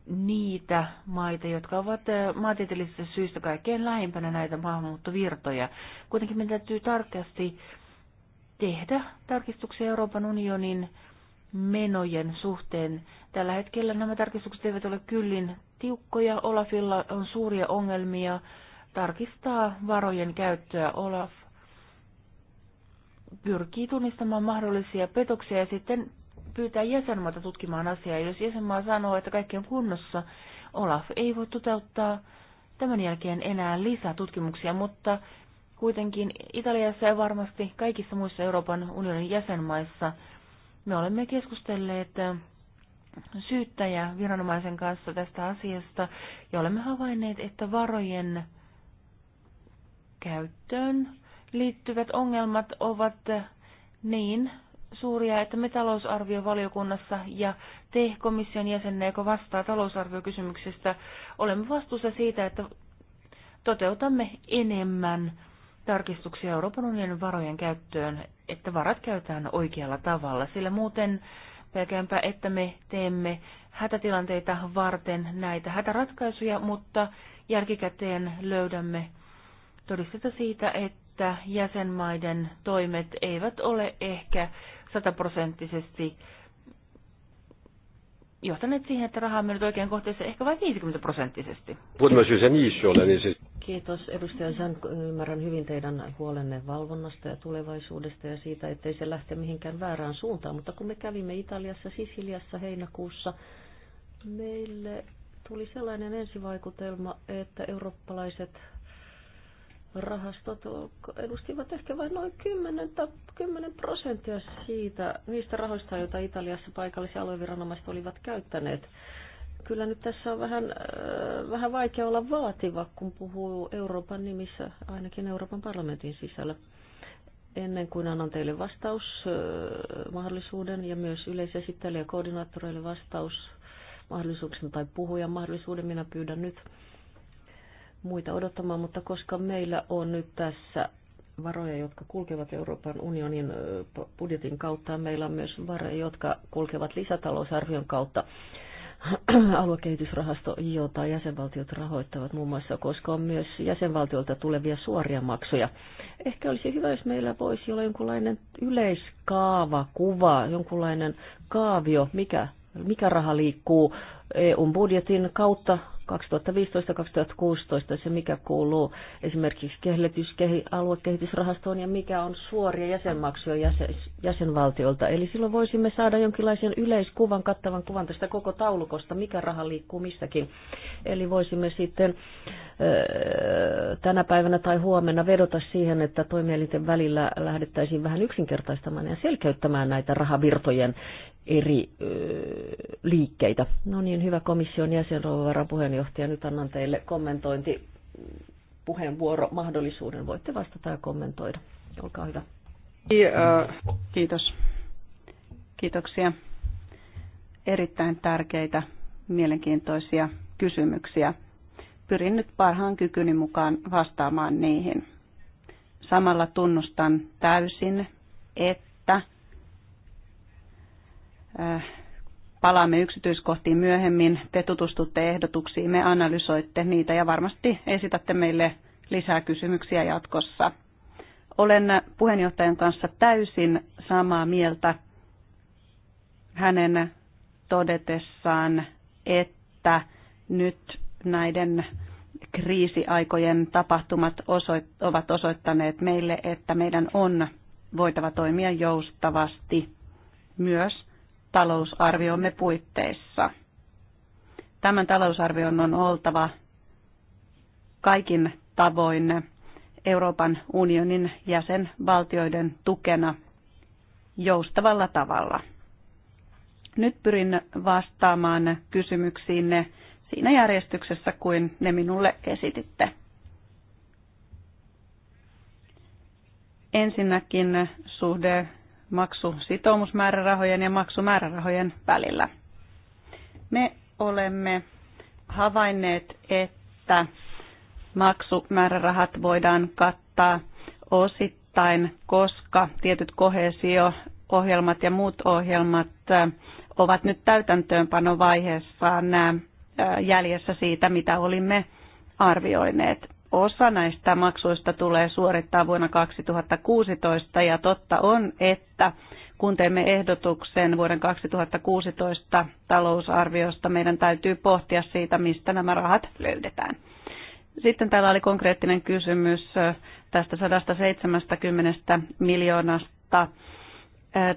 niitä maita, jotka ovat eh, maantieteellisistä syistä kaikkein lähimpänä näitä maahanmuuttovirtoja. Kuitenkin meidän täytyy tarkasti tehdä tarkistuksia Euroopan unionin menojen suhteen. Tällä hetkellä nämä tarkistukset eivät ole kyllin tiukkoja. Olafilla on suuria ongelmia tarkistaa varojen käyttöä. Olaf pyrkii tunnistamaan mahdollisia petoksia ja sitten pyytää jäsenmaata tutkimaan asiaa. Jos jäsenmaa sanoo, että kaikki on kunnossa, Olaf ei voi toteuttaa tämän jälkeen enää lisää tutkimuksia, mutta kuitenkin Italiassa ja varmasti kaikissa muissa Euroopan unionin jäsenmaissa me olemme keskustelleet syyttäjä viranomaisen kanssa tästä asiasta ja olemme havainneet, että varojen käyttöön liittyvät ongelmat ovat niin suuria, että me talousarviovaliokunnassa ja te komission jäsenne, joka vastaa talousarviokysymyksistä, olemme vastuussa siitä, että toteutamme enemmän tarkistuksia Euroopan unionin varojen käyttöön, että varat käytetään oikealla tavalla, sillä muuten Pelkäänpä, että me teemme hätätilanteita varten näitä hätäratkaisuja, mutta jälkikäteen löydämme todisteta siitä, että jäsenmaiden toimet eivät ole ehkä sataprosenttisesti johtaneet siihen, että rahaa on mennyt oikein kohteeseen ehkä vain 50 prosenttisesti. Niin siis- Kiitos edustaja Zan. Ymmärrän hyvin teidän huolenne valvonnasta ja tulevaisuudesta ja siitä, ettei se lähte mihinkään väärään suuntaan. Mutta kun me kävimme Italiassa, Sisiliassa heinäkuussa, meille tuli sellainen ensivaikutelma, että eurooppalaiset rahastot edustivat ehkä vain noin 10, 10 prosenttia siitä, niistä rahoista, joita Italiassa paikallisia alueviranomaiset olivat käyttäneet. Kyllä nyt tässä on vähän, äh, vähän vaikea olla vaativa, kun puhuu Euroopan nimissä, ainakin Euroopan parlamentin sisällä. Ennen kuin annan teille vastausmahdollisuuden äh, ja myös yleisesittelijä ja koordinaattoreille vastausmahdollisuuksen tai puhujan mahdollisuuden, minä pyydän nyt muita odottamaan, mutta koska meillä on nyt tässä varoja, jotka kulkevat Euroopan unionin budjetin kautta, meillä on myös varoja, jotka kulkevat lisätalousarvion kautta aluekehitysrahasto, jota jäsenvaltiot rahoittavat muun muassa, koska on myös jäsenvaltiolta tulevia suoria maksuja. Ehkä olisi hyvä, jos meillä voisi olla jonkunlainen yleiskaava, kuva, jonkunlainen kaavio, mikä, mikä raha liikkuu EUn budjetin kautta 2015-2016 se, mikä kuuluu esimerkiksi aluekehitysrahastoon ja mikä on suoria jäsenmaksuja jäsen, jäsenvaltiolta. Eli silloin voisimme saada jonkinlaisen yleiskuvan, kattavan kuvan tästä koko taulukosta, mikä raha liikkuu missäkin. Eli voisimme sitten öö, tänä päivänä tai huomenna vedota siihen, että toimielinten välillä lähdettäisiin vähän yksinkertaistamaan ja selkeyttämään näitä rahavirtojen eri ö, liikkeitä. No niin, hyvä komission jäsen, rouva puheenjohtaja, nyt annan teille kommentointi puheenvuoro mahdollisuuden. Voitte vastata ja kommentoida. Olkaa hyvä. Kiitos. Kiitoksia. Erittäin tärkeitä, mielenkiintoisia kysymyksiä. Pyrin nyt parhaan kykyni mukaan vastaamaan niihin. Samalla tunnustan täysin, että Äh, palaamme yksityiskohtiin myöhemmin. Te tutustutte ehdotuksiin, me analysoitte niitä ja varmasti esitätte meille lisää kysymyksiä jatkossa. Olen puheenjohtajan kanssa täysin samaa mieltä hänen todetessaan, että nyt näiden kriisiaikojen tapahtumat osoit- ovat osoittaneet meille, että meidän on voitava toimia joustavasti myös talousarviomme puitteissa. Tämän talousarvion on oltava kaikin tavoin Euroopan unionin jäsenvaltioiden tukena joustavalla tavalla. Nyt pyrin vastaamaan kysymyksiinne siinä järjestyksessä kuin ne minulle esititte. Ensinnäkin suhde maksusitoumusmäärärahojen ja maksumäärärahojen välillä. Me olemme havainneet, että maksumäärärahat voidaan kattaa osittain, koska tietyt kohesio-ohjelmat ja muut ohjelmat ovat nyt täytäntöönpanovaiheessaan jäljessä siitä, mitä olimme arvioineet osa näistä maksuista tulee suorittaa vuonna 2016 ja totta on, että kun teemme ehdotuksen vuoden 2016 talousarviosta, meidän täytyy pohtia siitä, mistä nämä rahat löydetään. Sitten täällä oli konkreettinen kysymys äh, tästä 170 miljoonasta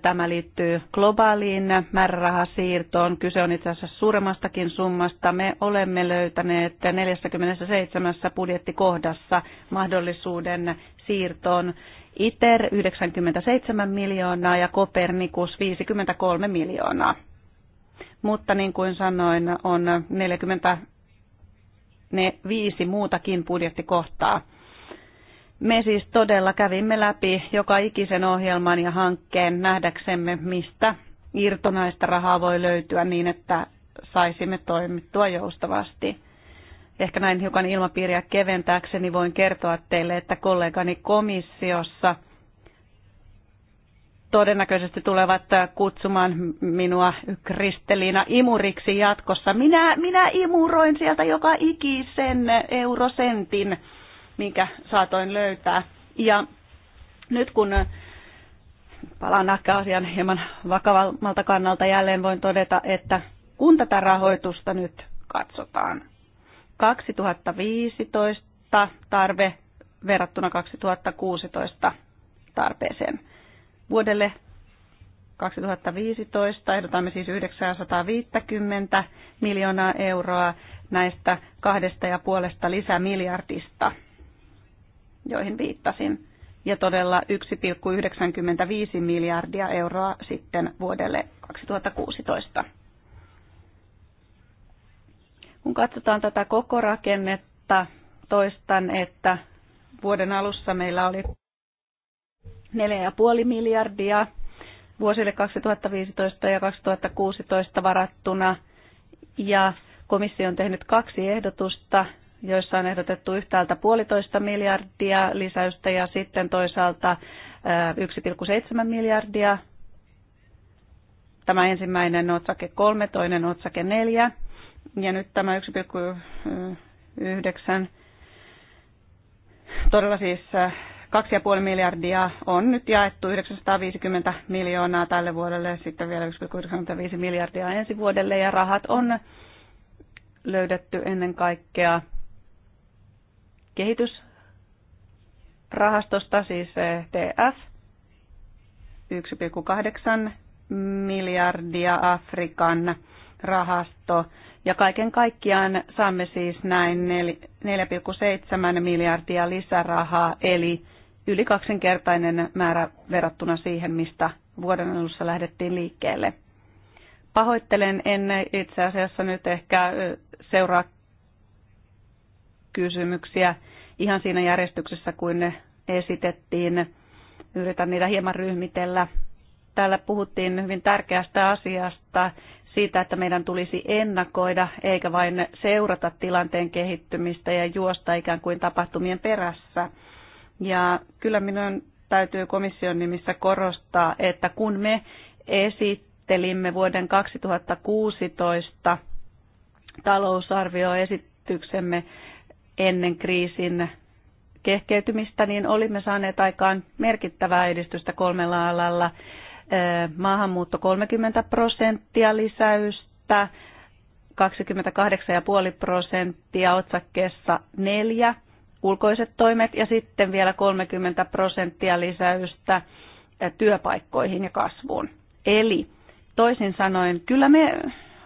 Tämä liittyy globaaliin määrärahasiirtoon. Kyse on itse asiassa suuremmastakin summasta. Me olemme löytäneet 47 budjettikohdassa mahdollisuuden siirtoon ITER 97 miljoonaa ja Kopernikus 53 miljoonaa. Mutta niin kuin sanoin, on 45 muutakin budjettikohtaa, me siis todella kävimme läpi joka ikisen ohjelman ja hankkeen nähdäksemme, mistä irtonaista rahaa voi löytyä niin, että saisimme toimittua joustavasti. Ehkä näin hiukan ilmapiiriä keventääkseni voin kertoa teille, että kollegani komissiossa todennäköisesti tulevat kutsumaan minua Kristeliina imuriksi jatkossa. Minä, minä imuroin sieltä joka ikisen eurosentin minkä saatoin löytää. Ja nyt kun palaan ehkä asian hieman vakavammalta kannalta, jälleen voin todeta, että kun tätä rahoitusta nyt katsotaan, 2015 tarve verrattuna 2016 tarpeeseen. Vuodelle 2015 ehdotamme siis 950 miljoonaa euroa näistä kahdesta ja puolesta lisämiljardista – joihin viittasin, ja todella 1,95 miljardia euroa sitten vuodelle 2016. Kun katsotaan tätä koko rakennetta, toistan, että vuoden alussa meillä oli 4,5 miljardia vuosille 2015 ja 2016 varattuna. Ja komissio on tehnyt kaksi ehdotusta joissa on ehdotettu yhtäältä puolitoista miljardia lisäystä ja sitten toisaalta 1,7 miljardia. Tämä ensimmäinen otsake 3, toinen otsake 4 ja nyt tämä 1,9 todella siis 2,5 miljardia on nyt jaettu 950 miljoonaa tälle vuodelle, sitten vielä 1,95 miljardia ensi vuodelle ja rahat on löydetty ennen kaikkea kehitysrahastosta, siis e TF, 1,8 miljardia Afrikan rahasto. Ja kaiken kaikkiaan saamme siis näin 4,7 miljardia lisärahaa, eli yli kaksinkertainen määrä verrattuna siihen, mistä vuoden alussa lähdettiin liikkeelle. Pahoittelen, en itse asiassa nyt ehkä seuraa kysymyksiä ihan siinä järjestyksessä, kuin ne esitettiin. Yritän niitä hieman ryhmitellä. Täällä puhuttiin hyvin tärkeästä asiasta, siitä, että meidän tulisi ennakoida eikä vain seurata tilanteen kehittymistä ja juosta ikään kuin tapahtumien perässä. Ja kyllä minun täytyy komission nimissä korostaa, että kun me esittelimme vuoden 2016 talousarvioesityksemme, ennen kriisin kehkeytymistä, niin olimme saaneet aikaan merkittävää edistystä kolmella alalla. Maahanmuutto 30 prosenttia lisäystä, 28,5 prosenttia otsakkeessa neljä, ulkoiset toimet ja sitten vielä 30 prosenttia lisäystä työpaikkoihin ja kasvuun. Eli toisin sanoen, kyllä me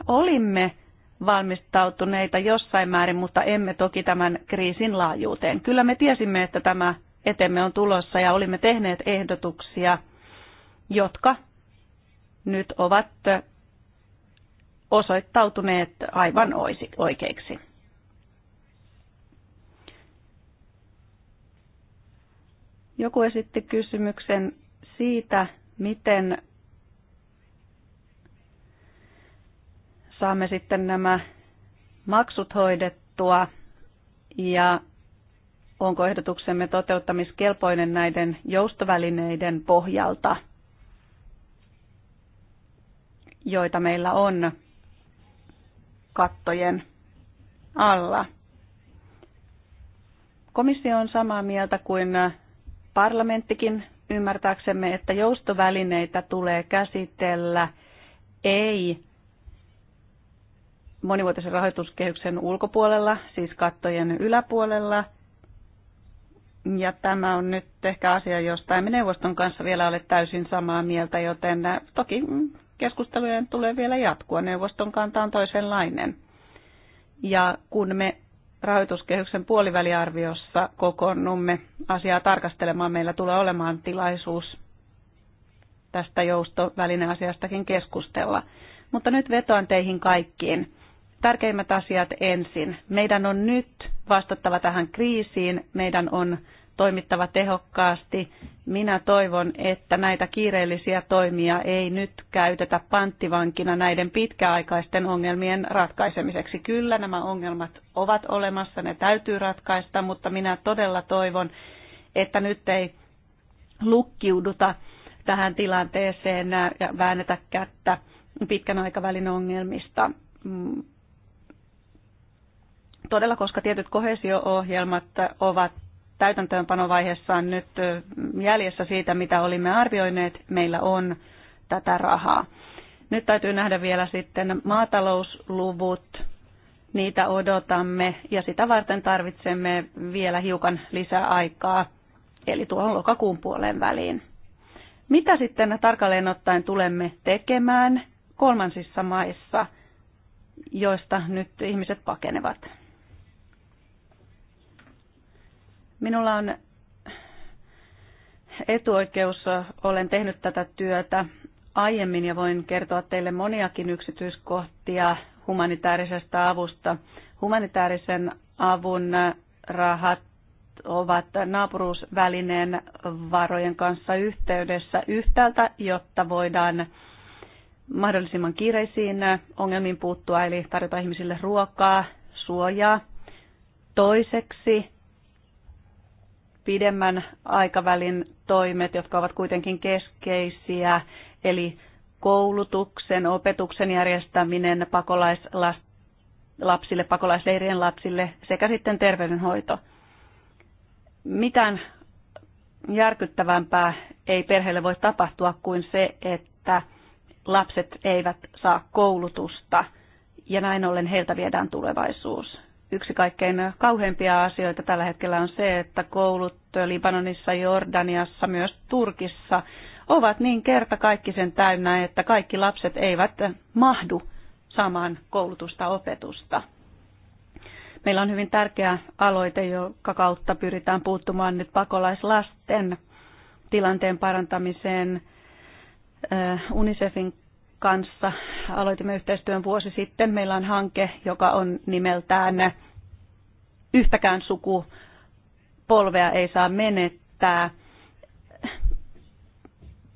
olimme valmistautuneita jossain määrin, mutta emme toki tämän kriisin laajuuteen. Kyllä me tiesimme, että tämä etemme on tulossa ja olimme tehneet ehdotuksia, jotka nyt ovat osoittautuneet aivan oikeiksi. Joku esitti kysymyksen siitä, miten saamme sitten nämä maksut hoidettua ja onko ehdotuksemme toteuttamiskelpoinen näiden joustovälineiden pohjalta, joita meillä on kattojen alla. Komissio on samaa mieltä kuin parlamenttikin ymmärtääksemme, että joustovälineitä tulee käsitellä ei monivuotisen rahoituskehyksen ulkopuolella, siis kattojen yläpuolella. Ja tämä on nyt ehkä asia, josta emme neuvoston kanssa vielä ole täysin samaa mieltä, joten toki keskustelujen tulee vielä jatkua. Neuvoston kanta on toisenlainen. Ja kun me rahoituskehyksen puoliväliarviossa kokoonnumme asiaa tarkastelemaan, meillä tulee olemaan tilaisuus tästä joustovälineasiastakin keskustella. Mutta nyt vetoan teihin kaikkiin tärkeimmät asiat ensin. Meidän on nyt vastattava tähän kriisiin, meidän on toimittava tehokkaasti. Minä toivon, että näitä kiireellisiä toimia ei nyt käytetä panttivankina näiden pitkäaikaisten ongelmien ratkaisemiseksi. Kyllä nämä ongelmat ovat olemassa, ne täytyy ratkaista, mutta minä todella toivon, että nyt ei lukkiuduta tähän tilanteeseen ja väännetä kättä pitkän aikavälin ongelmista mm, todella, koska tietyt kohesio-ohjelmat ovat täytäntöönpanovaiheessaan nyt jäljessä siitä, mitä olimme arvioineet, meillä on tätä rahaa. Nyt täytyy nähdä vielä sitten maatalousluvut, niitä odotamme ja sitä varten tarvitsemme vielä hiukan lisää aikaa, eli tuohon lokakuun puolen väliin. Mitä sitten tarkalleen ottaen tulemme tekemään kolmansissa maissa, joista nyt ihmiset pakenevat? Minulla on etuoikeus, olen tehnyt tätä työtä aiemmin ja voin kertoa teille moniakin yksityiskohtia humanitaarisesta avusta. Humanitaarisen avun rahat ovat naapuruusvälineen varojen kanssa yhteydessä yhtäältä, jotta voidaan mahdollisimman kiireisiin ongelmiin puuttua, eli tarjota ihmisille ruokaa, suojaa. Toiseksi pidemmän aikavälin toimet, jotka ovat kuitenkin keskeisiä, eli koulutuksen, opetuksen järjestäminen pakolaislapsille, pakolaisleirien lapsille sekä sitten terveydenhoito. Mitään järkyttävämpää ei perheelle voi tapahtua kuin se, että lapset eivät saa koulutusta ja näin ollen heiltä viedään tulevaisuus yksi kaikkein kauheimpia asioita tällä hetkellä on se, että koulut Libanonissa, Jordaniassa, myös Turkissa ovat niin kerta kaikkisen täynnä, että kaikki lapset eivät mahdu samaan koulutusta opetusta. Meillä on hyvin tärkeä aloite, joka kautta pyritään puuttumaan nyt pakolaislasten tilanteen parantamiseen UNICEFin kanssa aloitimme yhteistyön vuosi sitten. Meillä on hanke, joka on nimeltään Yhtäkään sukupolvea ei saa menettää.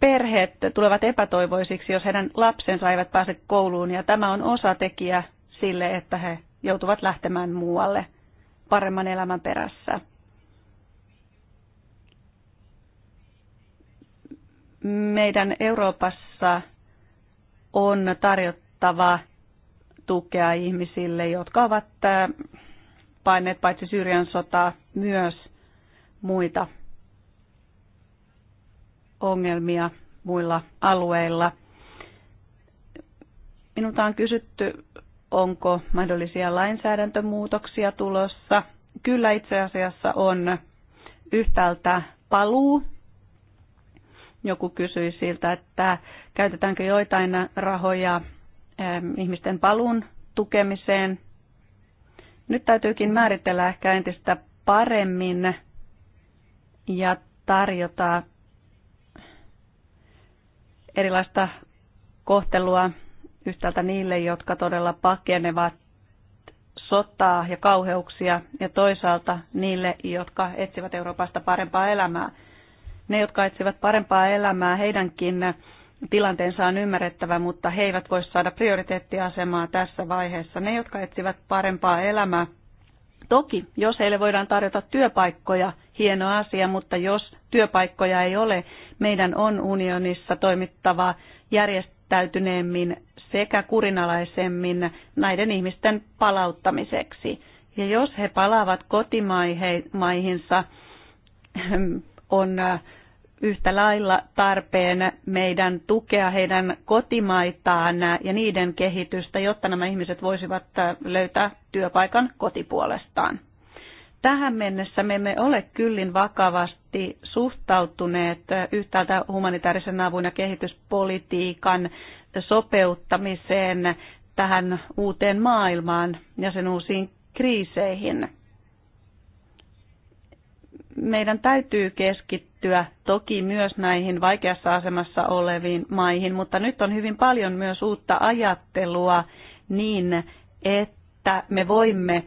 Perheet tulevat epätoivoisiksi, jos heidän lapsensa eivät pääse kouluun, ja tämä on osa tekijä sille, että he joutuvat lähtemään muualle paremman elämän perässä. meidän Euroopassa on tarjottava tukea ihmisille, jotka ovat paineet paitsi Syyrian sotaa myös muita ongelmia muilla alueilla. Minulta on kysytty, onko mahdollisia lainsäädäntömuutoksia tulossa. Kyllä itse asiassa on yhtäältä paluu joku kysyi siltä, että käytetäänkö joitain rahoja ihmisten paluun tukemiseen. Nyt täytyykin määritellä ehkä entistä paremmin ja tarjota erilaista kohtelua yhtäältä niille, jotka todella pakenevat sotaa ja kauheuksia, ja toisaalta niille, jotka etsivät Euroopasta parempaa elämää. Ne, jotka etsivät parempaa elämää, heidänkin tilanteensa on ymmärrettävä, mutta he eivät voi saada prioriteettiasemaa tässä vaiheessa. Ne, jotka etsivät parempaa elämää, toki, jos heille voidaan tarjota työpaikkoja, hieno asia, mutta jos työpaikkoja ei ole, meidän on unionissa toimittava järjestäytyneemmin sekä kurinalaisemmin näiden ihmisten palauttamiseksi. Ja jos he palaavat kotimaihinsa, on äh, yhtä lailla tarpeen meidän tukea heidän kotimaitaan ja niiden kehitystä, jotta nämä ihmiset voisivat äh, löytää työpaikan kotipuolestaan. Tähän mennessä me emme ole kyllin vakavasti suhtautuneet äh, yhtäältä humanitaarisen avun ja kehityspolitiikan sopeuttamiseen tähän uuteen maailmaan ja sen uusiin kriiseihin meidän täytyy keskittyä toki myös näihin vaikeassa asemassa oleviin maihin, mutta nyt on hyvin paljon myös uutta ajattelua niin, että me voimme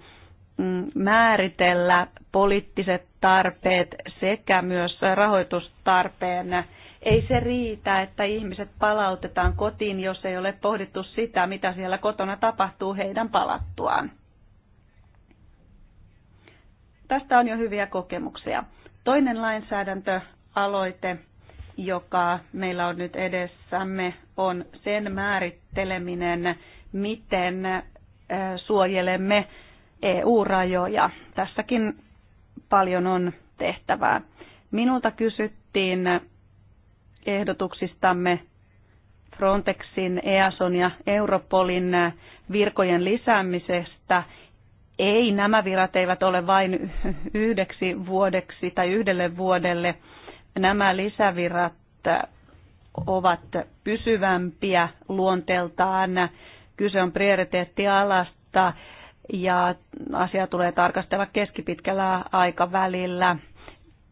mm, määritellä poliittiset tarpeet sekä myös rahoitustarpeen. Ei se riitä, että ihmiset palautetaan kotiin, jos ei ole pohdittu sitä, mitä siellä kotona tapahtuu heidän palattuaan. Tästä on jo hyviä kokemuksia. Toinen lainsäädäntöaloite, joka meillä on nyt edessämme, on sen määritteleminen, miten suojelemme EU-rajoja. Tässäkin paljon on tehtävää. Minulta kysyttiin ehdotuksistamme Frontexin, EASON ja Europolin virkojen lisäämisestä ei nämä virat eivät ole vain yhdeksi vuodeksi tai yhdelle vuodelle. Nämä lisävirat ovat pysyvämpiä luonteeltaan. Kyse on prioriteettialasta ja asia tulee tarkastella keskipitkällä aikavälillä.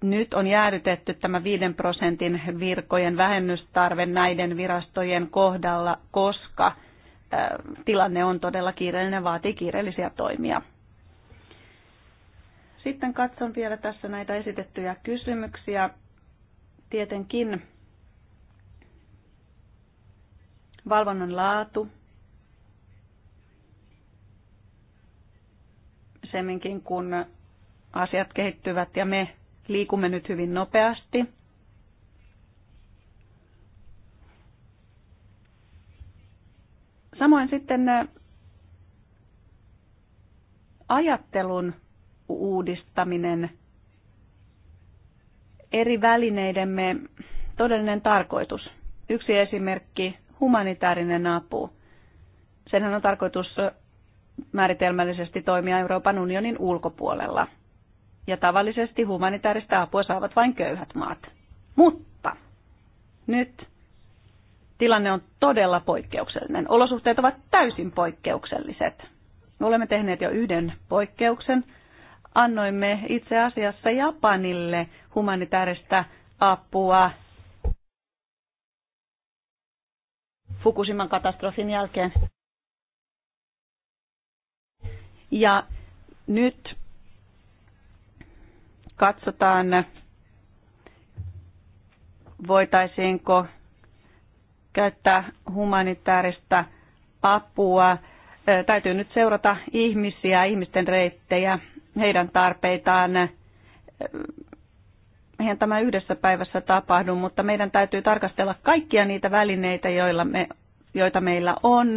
Nyt on jäädytetty tämä 5 prosentin virkojen vähennystarve näiden virastojen kohdalla, koska tilanne on todella kiireellinen, vaatii kiireellisiä toimia. Sitten katson vielä tässä näitä esitettyjä kysymyksiä. Tietenkin valvonnan laatu, semminkin kun asiat kehittyvät ja me liikumme nyt hyvin nopeasti. Samoin sitten äh, ajattelun uudistaminen, eri välineidemme todellinen tarkoitus. Yksi esimerkki, humanitaarinen apu. Senhän on tarkoitus määritelmällisesti toimia Euroopan unionin ulkopuolella. Ja tavallisesti humanitaarista apua saavat vain köyhät maat. Mutta nyt tilanne on todella poikkeuksellinen. Olosuhteet ovat täysin poikkeukselliset. Me olemme tehneet jo yhden poikkeuksen – annoimme itse asiassa Japanille humanitaarista apua Fukushiman katastrofin jälkeen. Ja nyt katsotaan, voitaisiinko käyttää humanitaarista apua. Täytyy nyt seurata ihmisiä, ihmisten reittejä heidän tarpeitaan. Eihän tämä yhdessä päivässä tapahdu, mutta meidän täytyy tarkastella kaikkia niitä välineitä, joilla me, joita meillä on,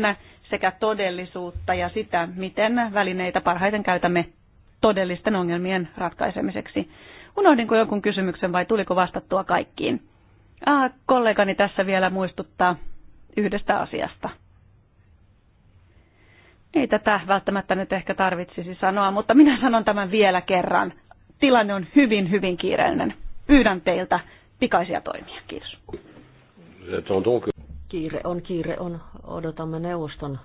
sekä todellisuutta ja sitä, miten välineitä parhaiten käytämme todellisten ongelmien ratkaisemiseksi. Unohdinko jonkun kysymyksen vai tuliko vastattua kaikkiin? Ah, kollegani tässä vielä muistuttaa yhdestä asiasta. Ei tätä välttämättä nyt ehkä tarvitsisi sanoa, mutta minä sanon tämän vielä kerran. Tilanne on hyvin, hyvin kiireellinen. Pyydän teiltä pikaisia toimia. Kiitos. Kiire on, kiire on. Odotamme neuvoston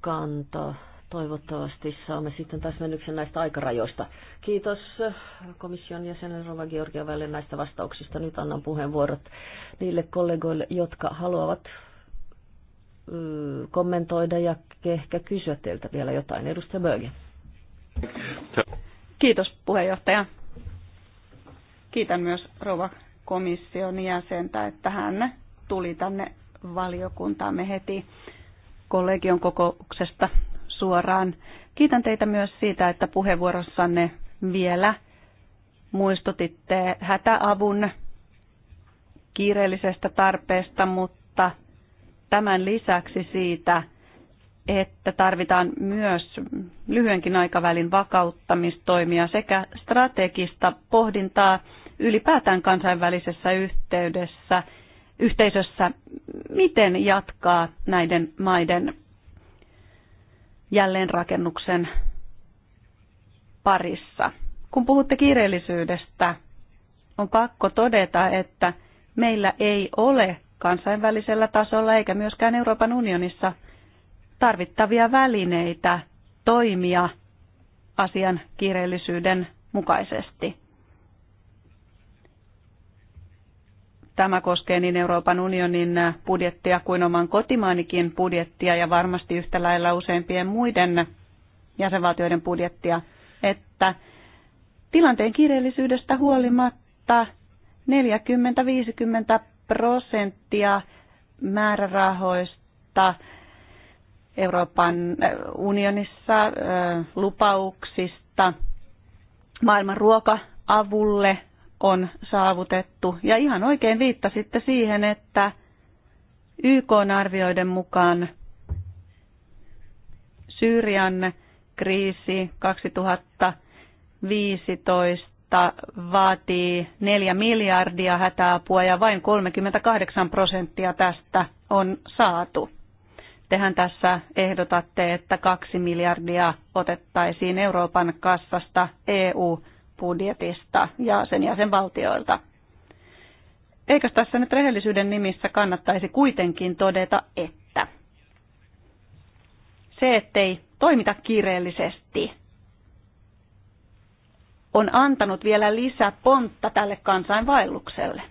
kantaa. Toivottavasti saamme sitten täsmennyksen näistä aikarajoista. Kiitos komission jäsenen Rova Georgia näistä vastauksista. Nyt annan puheenvuorot niille kollegoille, jotka haluavat kommentoida ja ehkä kysyä teiltä vielä jotain. Edustaja Böge. Kiitos puheenjohtaja. Kiitän myös rouva komission jäsentä, että hän tuli tänne valiokuntaamme heti kollegion kokouksesta suoraan. Kiitän teitä myös siitä, että puheenvuorossanne vielä muistutitte hätäavun kiireellisestä tarpeesta, mutta tämän lisäksi siitä, että tarvitaan myös lyhyenkin aikavälin vakauttamistoimia sekä strategista pohdintaa ylipäätään kansainvälisessä yhteydessä, yhteisössä, miten jatkaa näiden maiden jälleenrakennuksen parissa. Kun puhutte kiireellisyydestä, on pakko todeta, että meillä ei ole kansainvälisellä tasolla eikä myöskään Euroopan unionissa tarvittavia välineitä toimia asian kiireellisyyden mukaisesti. Tämä koskee niin Euroopan unionin budjettia kuin oman kotimaanikin budjettia ja varmasti yhtä lailla useimpien muiden jäsenvaltioiden budjettia, että tilanteen kiireellisyydestä huolimatta 40-50 prosenttia määrärahoista Euroopan äh, unionissa äh, lupauksista maailman ruoka-avulle on saavutettu. Ja ihan oikein viittasitte siihen, että YK arvioiden mukaan Syyrian kriisi 2015 vuotta vaatii 4 miljardia hätäapua ja vain 38 prosenttia tästä on saatu. Tehän tässä ehdotatte, että 2 miljardia otettaisiin Euroopan kassasta EU-budjetista ja sen jäsenvaltioilta. Eikö tässä nyt rehellisyyden nimissä kannattaisi kuitenkin todeta, että se, ettei toimita kiireellisesti, on antanut vielä lisää pontta tälle kansainvaellukselle.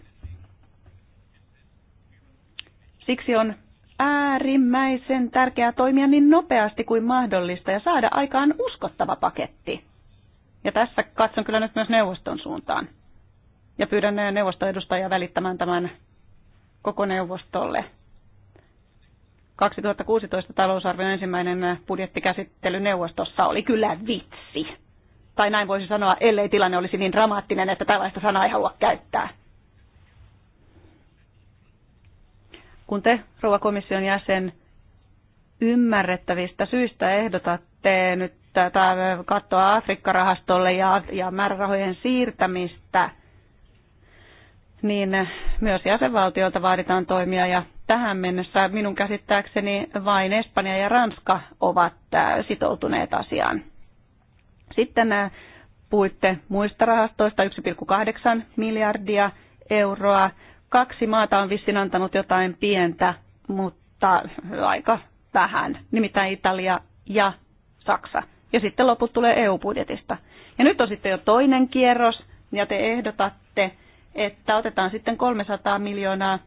Siksi on äärimmäisen tärkeää toimia niin nopeasti kuin mahdollista ja saada aikaan uskottava paketti. Ja tässä katson kyllä nyt myös neuvoston suuntaan. Ja pyydän neuvostoedustajia välittämään tämän koko neuvostolle. 2016 talousarvion ensimmäinen budjettikäsittely neuvostossa oli kyllä vitsi tai näin voisi sanoa, ellei tilanne olisi niin dramaattinen, että tällaista sanaa ei halua käyttää. Kun te, rouva komission jäsen, ymmärrettävistä syistä ehdotatte nyt tätä kattoa Afrikkarahastolle ja, ja määrärahojen siirtämistä, niin myös jäsenvaltiolta vaaditaan toimia ja tähän mennessä minun käsittääkseni vain Espanja ja Ranska ovat äh, sitoutuneet asiaan. Sitten äh, puhuitte muista rahastoista 1,8 miljardia euroa. Kaksi maata on vissiin antanut jotain pientä, mutta aika vähän, nimittäin Italia ja Saksa. Ja sitten loput tulee EU-budjetista. Ja nyt on sitten jo toinen kierros, ja te ehdotatte, että otetaan sitten 300 miljoonaa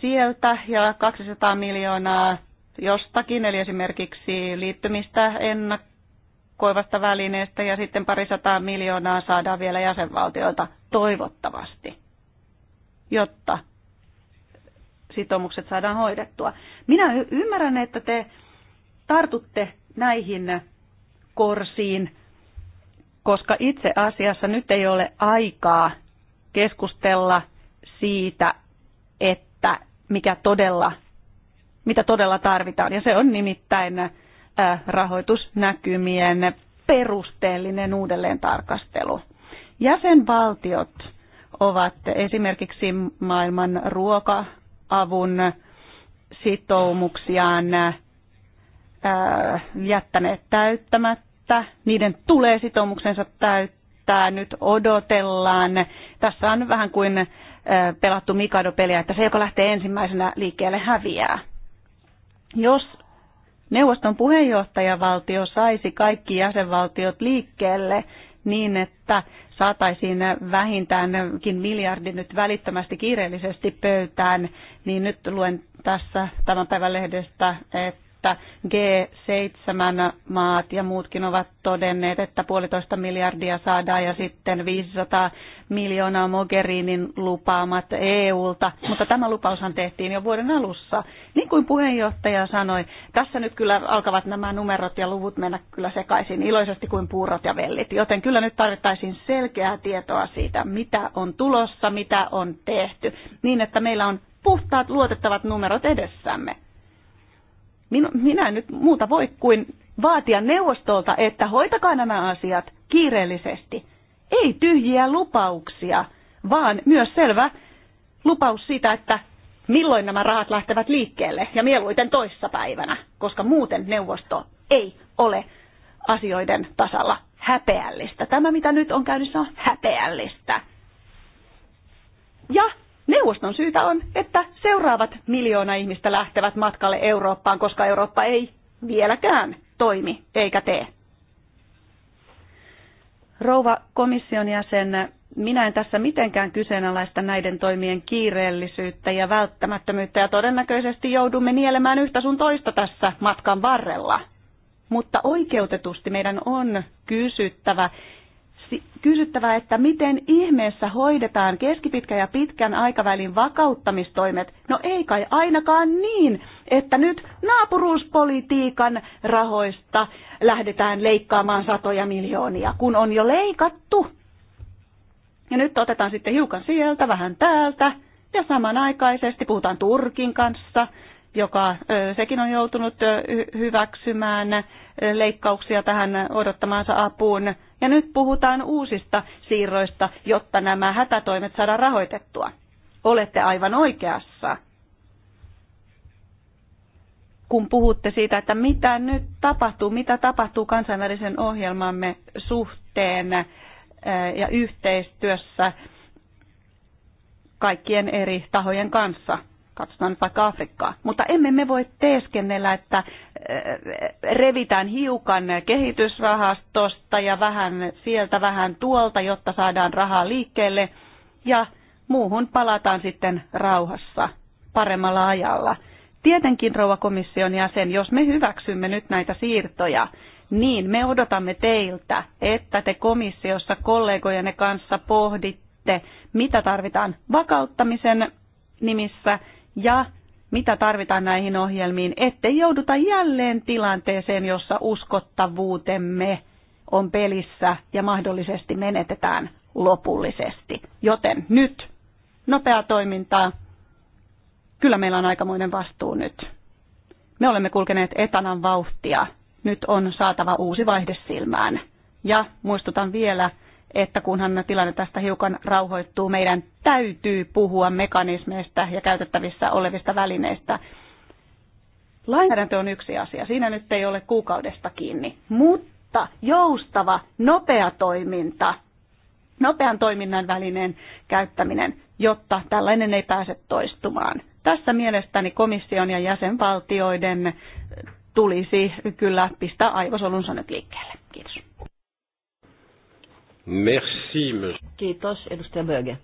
sieltä ja 200 miljoonaa jostakin, eli esimerkiksi liittymistä ennakoivasta välineestä ja sitten parisataa miljoonaa saadaan vielä jäsenvaltioilta toivottavasti, jotta sitoumukset saadaan hoidettua. Minä ymmärrän, että te tartutte näihin korsiin, koska itse asiassa nyt ei ole aikaa keskustella siitä, että mikä todella mitä todella tarvitaan. Ja se on nimittäin äh, rahoitusnäkymien perusteellinen uudelleen tarkastelu. Jäsenvaltiot ovat esimerkiksi maailman ruoka-avun sitoumuksiaan äh, jättäneet täyttämättä. Niiden tulee sitoumuksensa täyttää. Nyt odotellaan. Tässä on vähän kuin äh, pelattu Mikado-peliä, että se, joka lähtee ensimmäisenä liikkeelle, häviää. Jos neuvoston puheenjohtajavaltio saisi kaikki jäsenvaltiot liikkeelle niin, että saataisiin vähintäänkin miljardi nyt välittömästi kiireellisesti pöytään, niin nyt luen tässä tämän päivän lehdestä, että että G7-maat ja muutkin ovat todenneet, että puolitoista miljardia saadaan ja sitten 500 miljoonaa Mogherinin lupaamat EUlta. Mutta tämä lupaushan tehtiin jo vuoden alussa. Niin kuin puheenjohtaja sanoi, tässä nyt kyllä alkavat nämä numerot ja luvut mennä kyllä sekaisin iloisesti kuin puurot ja vellit. Joten kyllä nyt tarvittaisiin selkeää tietoa siitä, mitä on tulossa, mitä on tehty, niin että meillä on puhtaat luotettavat numerot edessämme minä en nyt muuta voi kuin vaatia neuvostolta, että hoitakaa nämä asiat kiireellisesti. Ei tyhjiä lupauksia, vaan myös selvä lupaus siitä, että milloin nämä rahat lähtevät liikkeelle ja mieluiten toissapäivänä, koska muuten neuvosto ei ole asioiden tasalla häpeällistä. Tämä, mitä nyt on käynnissä, on häpeällistä. Ja Neuvoston syytä on, että seuraavat miljoona ihmistä lähtevät matkalle Eurooppaan, koska Eurooppa ei vieläkään toimi eikä tee. Rouva komission jäsen, minä en tässä mitenkään kyseenalaista näiden toimien kiireellisyyttä ja välttämättömyyttä ja todennäköisesti joudumme nielemään yhtä sun toista tässä matkan varrella. Mutta oikeutetusti meidän on kysyttävä, kysyttävä, että miten ihmeessä hoidetaan keskipitkän ja pitkän aikavälin vakauttamistoimet. No ei kai ainakaan niin, että nyt naapuruuspolitiikan rahoista lähdetään leikkaamaan satoja miljoonia, kun on jo leikattu. Ja nyt otetaan sitten hiukan sieltä, vähän täältä, ja samanaikaisesti puhutaan Turkin kanssa joka sekin on joutunut hyväksymään leikkauksia tähän odottamaansa apuun. Ja nyt puhutaan uusista siirroista, jotta nämä hätätoimet saadaan rahoitettua. Olette aivan oikeassa, kun puhutte siitä, että mitä nyt tapahtuu, mitä tapahtuu kansainvälisen ohjelmamme suhteen ja yhteistyössä kaikkien eri tahojen kanssa – Katsotaan nyt vaikka Afrikkaa. Mutta emme me voi teeskennellä, että eh, revitään hiukan kehitysrahastosta ja vähän sieltä vähän tuolta, jotta saadaan rahaa liikkeelle ja muuhun palataan sitten rauhassa paremmalla ajalla. Tietenkin, rouva komission jäsen, jos me hyväksymme nyt näitä siirtoja, niin me odotamme teiltä, että te komissiossa kollegojenne kanssa pohditte, mitä tarvitaan vakauttamisen nimissä ja mitä tarvitaan näihin ohjelmiin, ettei jouduta jälleen tilanteeseen, jossa uskottavuutemme on pelissä ja mahdollisesti menetetään lopullisesti. Joten nyt nopea toimintaa. Kyllä meillä on aikamoinen vastuu nyt. Me olemme kulkeneet etanan vauhtia. Nyt on saatava uusi vaihde silmään. Ja muistutan vielä, että kunhan tilanne tästä hiukan rauhoittuu, meidän täytyy puhua mekanismeista ja käytettävissä olevista välineistä. Lainsäädäntö on yksi asia, siinä nyt ei ole kuukaudesta kiinni, mutta joustava, nopea toiminta, nopean toiminnan välineen käyttäminen, jotta tällainen ei pääse toistumaan. Tässä mielestäni komission ja jäsenvaltioiden tulisi kyllä pistää aivosolunsa nyt liikkeelle. Kiitos. Merci, monsieur. Kiitos, edustaja Böge.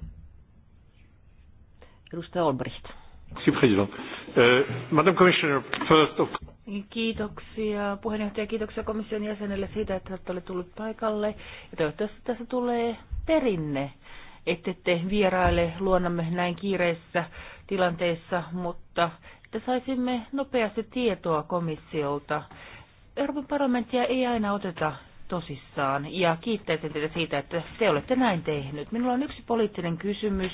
Edustaja Olbricht. Euh, Madame Commissioner, first of... Kiitoksia puheenjohtaja, kiitoksia komission jäsenelle siitä, että olette tullut paikalle. Ja toivottavasti tässä tulee perinne, ette te vieraille luonnamme näin kiireessä tilanteessa, mutta että saisimme nopeasti tietoa komissiolta. Euroopan parlamenttia ei aina oteta tosissaan ja kiittäisin teitä siitä, että te olette näin tehnyt. Minulla on yksi poliittinen kysymys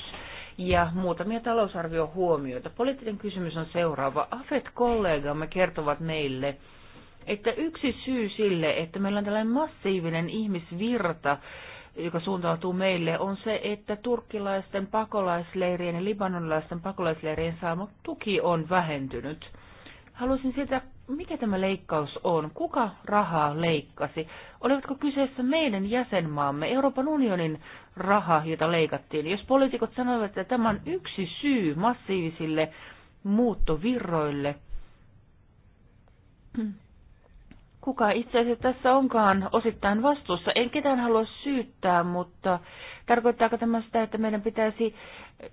ja muutamia talousarviohuomioita. Poliittinen kysymys on seuraava. AFET-kollegamme kertovat meille, että yksi syy sille, että meillä on tällainen massiivinen ihmisvirta, joka suuntautuu meille, on se, että turkkilaisten pakolaisleirien ja libanonilaisten pakolaisleirien saama tuki on vähentynyt. Haluaisin sitä mikä tämä leikkaus on? Kuka rahaa leikkasi? Olivatko kyseessä meidän jäsenmaamme, Euroopan unionin raha, jota leikattiin? Jos poliitikot sanoivat, että tämä on yksi syy massiivisille muuttovirroille, kuka itse asiassa tässä onkaan osittain vastuussa. En ketään halua syyttää, mutta tarkoittaako tämä sitä, että meidän pitäisi